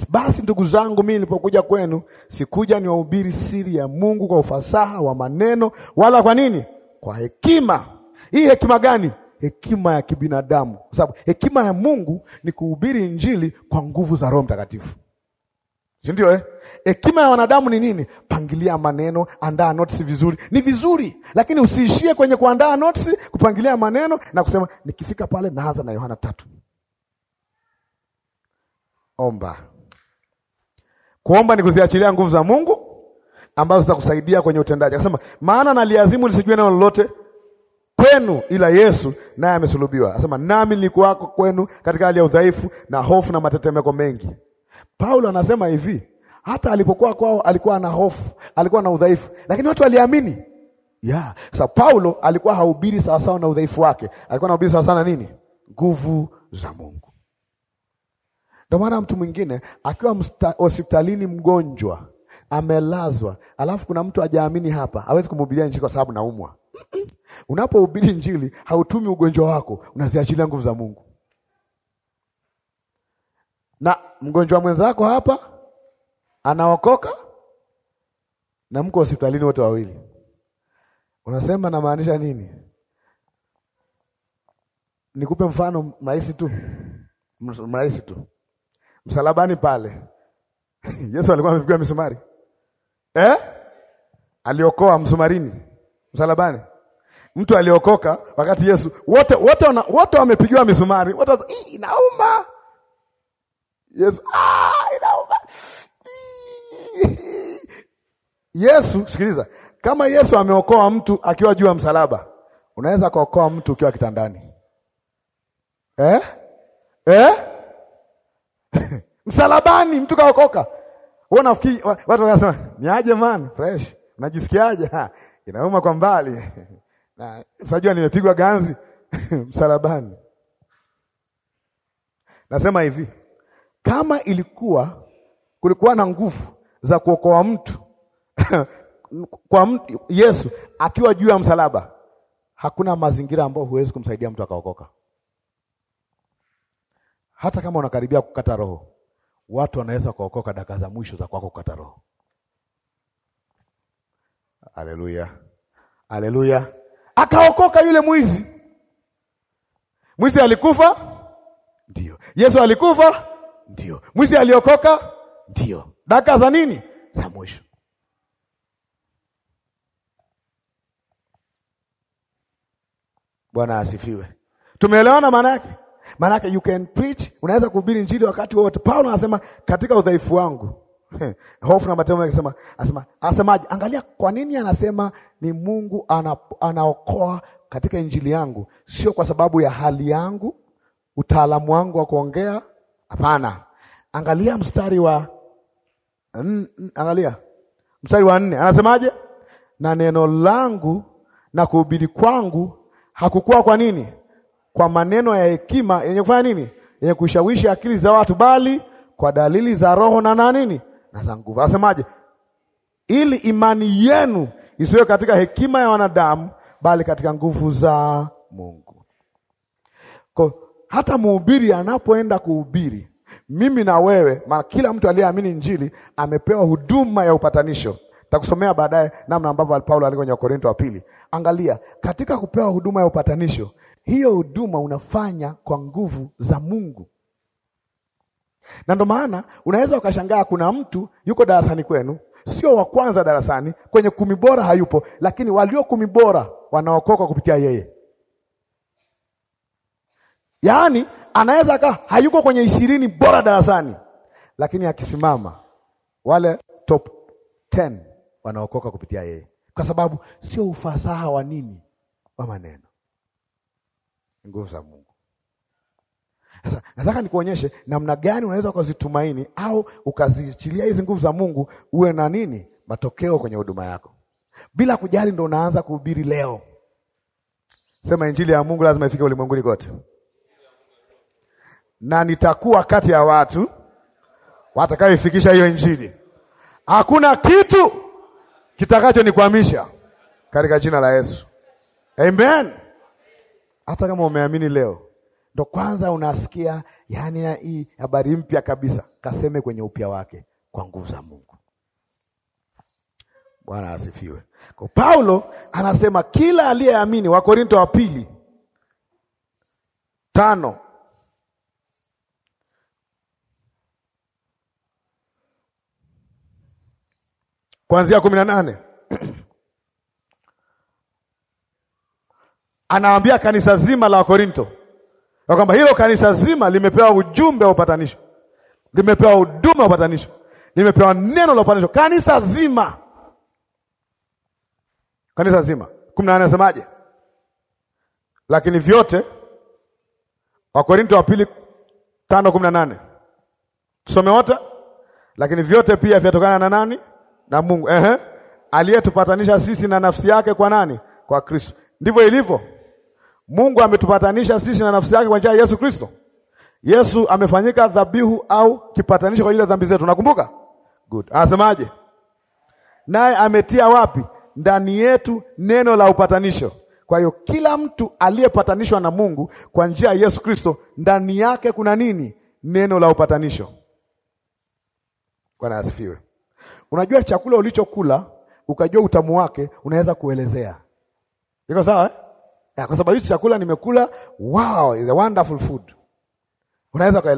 basi ndugu zangu, mimi nilipokuja kwenu sikuja niwahubiri siri ya Mungu kwa ufasaha wa maneno, wala kwa nini? Kwa hekima. Hii hekima gani? Hekima ya kibinadamu, kwa sababu hekima ya Mungu ni kuhubiri Injili kwa nguvu za Roho Mtakatifu si ndio eh? ya wanadamu ni nini? Pangilia maneno, andaa notisi vizuri. Ni vizuri, lakini usiishie kwenye kuandaa notisi, kupangilia maneno na kusema nikifika pale naanza na Yohana tatu. Omba. Kuomba ni kuziachilia nguvu za Mungu ambazo zitakusaidia kwenye utendaji. Akasema, maana naliazimu lisijue neno lolote kwenu ila Yesu naye amesulubiwa. Asema, nami nilikuwako kwenu katika hali ya udhaifu na hofu na matetemeko mengi Paulo anasema hivi, hata alipokuwa kwao alikuwa na hofu, alikuwa na udhaifu, lakini watu waliamini. Yeah. Sasa Paulo alikuwa haubiri sawasawa na udhaifu wake, alikuwa anahubiri sawasawa na nini? Nguvu za Mungu. Ndio maana mtu mwingine akiwa hospitalini mgonjwa amelazwa, alafu kuna mtu ajaamini hapa, hawezi kumhubiria Injili kwa sababu naumwa. Unapohubiri Injili hautumi ugonjwa wako, unaziachilia nguvu za Mungu na mgonjwa mwenzako hapa anaokoka na mko hospitalini wote wawili. Unasema namaanisha nini? Nikupe mfano mrahisi tu, mrahisi tu. Msalabani pale [laughs] Yesu alikuwa amepigwa misumari eh? Aliokoa msumarini, msalabani. Mtu aliokoka wakati Yesu, wote wote wote wamepigiwa misumari, wote inauma Yesu, ah, inauma. Yesu, sikiliza, kama Yesu ameokoa mtu akiwa juu ya msalaba, unaweza kuokoa mtu ukiwa kitandani eh? Eh? [laughs] Msalabani mtu kaokoka. Wewe unafikiri watu wanasema niaje man fresh, unajisikiaje? Inauma kwa mbali [laughs] na sajua nimepigwa ganzi [laughs] msalabani. Nasema hivi kama ilikuwa kulikuwa na nguvu za kuokoa mtu [laughs] kwa mtu Yesu akiwa juu ya msalaba, hakuna mazingira ambayo huwezi kumsaidia mtu akaokoka. Hata kama unakaribia kukata roho, watu wanaweza kuokoka dakika za mwisho za kwako kukata roho. Haleluya, haleluya! Akaokoka yule mwizi. Mwizi alikufa, ndio Yesu alikufa ndio. Mwizi aliokoka? Ndio. Daka za nini? Za mwisho. Bwana asifiwe. Tumeelewana maana yake? Maana yake you can preach, unaweza kuhubiri injili wakati wote. Paulo anasema katika udhaifu wangu. [laughs] Hofu na mateso anasema, asema anasemaje? Angalia kwa nini anasema ni Mungu ana, anaokoa katika injili yangu, sio kwa sababu ya hali yangu, utaalamu wangu wa kuongea Hapana, angalia mstari wa angalia mstari wa nne anasemaje? Na neno langu na kuhubiri kwangu hakukuwa kwa nini? Kwa maneno ya hekima yenye kufanya nini? Yenye kushawishi akili za watu, bali kwa dalili za Roho na na nini na za nguvu. Anasemaje? Ili imani yenu isiwe katika hekima ya wanadamu, bali katika nguvu za Mungu. Kwa hata mhubiri anapoenda kuhubiri, mimi na wewe, maana kila mtu aliyeamini Injili amepewa huduma ya upatanisho. Takusomea baadaye namna ambavyo Paulo alikuwa kwenye wakorinto wa pili. Angalia, katika kupewa huduma ya upatanisho, hiyo huduma unafanya kwa nguvu za Mungu, na ndio maana unaweza ukashangaa, kuna mtu yuko darasani kwenu, sio wa kwanza darasani, kwenye kumi bora hayupo, lakini walio kumi bora wanaokoka kupitia yeye. Yaani anaweza kaa hayuko kwenye ishirini bora darasani, lakini akisimama wale top 10 wanaokoka kupitia yeye, kwa sababu sio ufasaha wa nini, wa maneno, nguvu za Mungu. Sasa nataka nikuonyeshe namna gani unaweza ukazitumaini au ukaziachilia hizi nguvu za Mungu, uwe na nini, matokeo kwenye huduma yako, bila kujali ndo unaanza kuhubiri leo. Sema injili ya Mungu lazima ifike ulimwenguni kote na nitakuwa kati ya watu watakayoifikisha hiyo Injili. Hakuna kitu kitakachonikwamisha katika jina la Yesu, amen. Hata kama umeamini leo ndo kwanza unasikia, yani hii habari mpya kabisa, kaseme kwenye upya wake kwa nguvu za Mungu. Bwana asifiwe. Kwa Paulo anasema kila aliyeamini, Wakorinto wa pili tano kuanzia kumi na nane anaambia kanisa zima la Wakorinto ya kwamba hilo kanisa zima limepewa ujumbe wa upatanisho, limepewa huduma ya upatanisho, limepewa neno la upatanisho, kanisa zima, kanisa zima. kumi na nane anasemaje? Lakini vyote, Wakorinto wa pili tano kumi na nane tusome wote. Lakini vyote pia vyatokana na nani? na Mungu, eh, aliyetupatanisha sisi na nafsi yake kwa nani? Kwa Kristo. Ndivyo ilivyo. Mungu ametupatanisha sisi na nafsi yake kwa njia ya Yesu Kristo. Yesu amefanyika dhabihu au kipatanisho kwa ajili ya dhambi zetu. Nakumbuka? Good. Anasemaje? Naye ametia wapi? Ndani yetu neno la upatanisho. Kwa hiyo kila mtu aliyepatanishwa na Mungu kwa njia ya Yesu Kristo, ndani yake kuna nini? Neno la upatanisho. Bwana asifiwe. Unajua chakula ulichokula ukajua utamu wake, unaweza kuelezea. Iko sawa eh? kwa sababu hichi chakula nimekula, wow, is a wonderful food. Unaweza kaelezea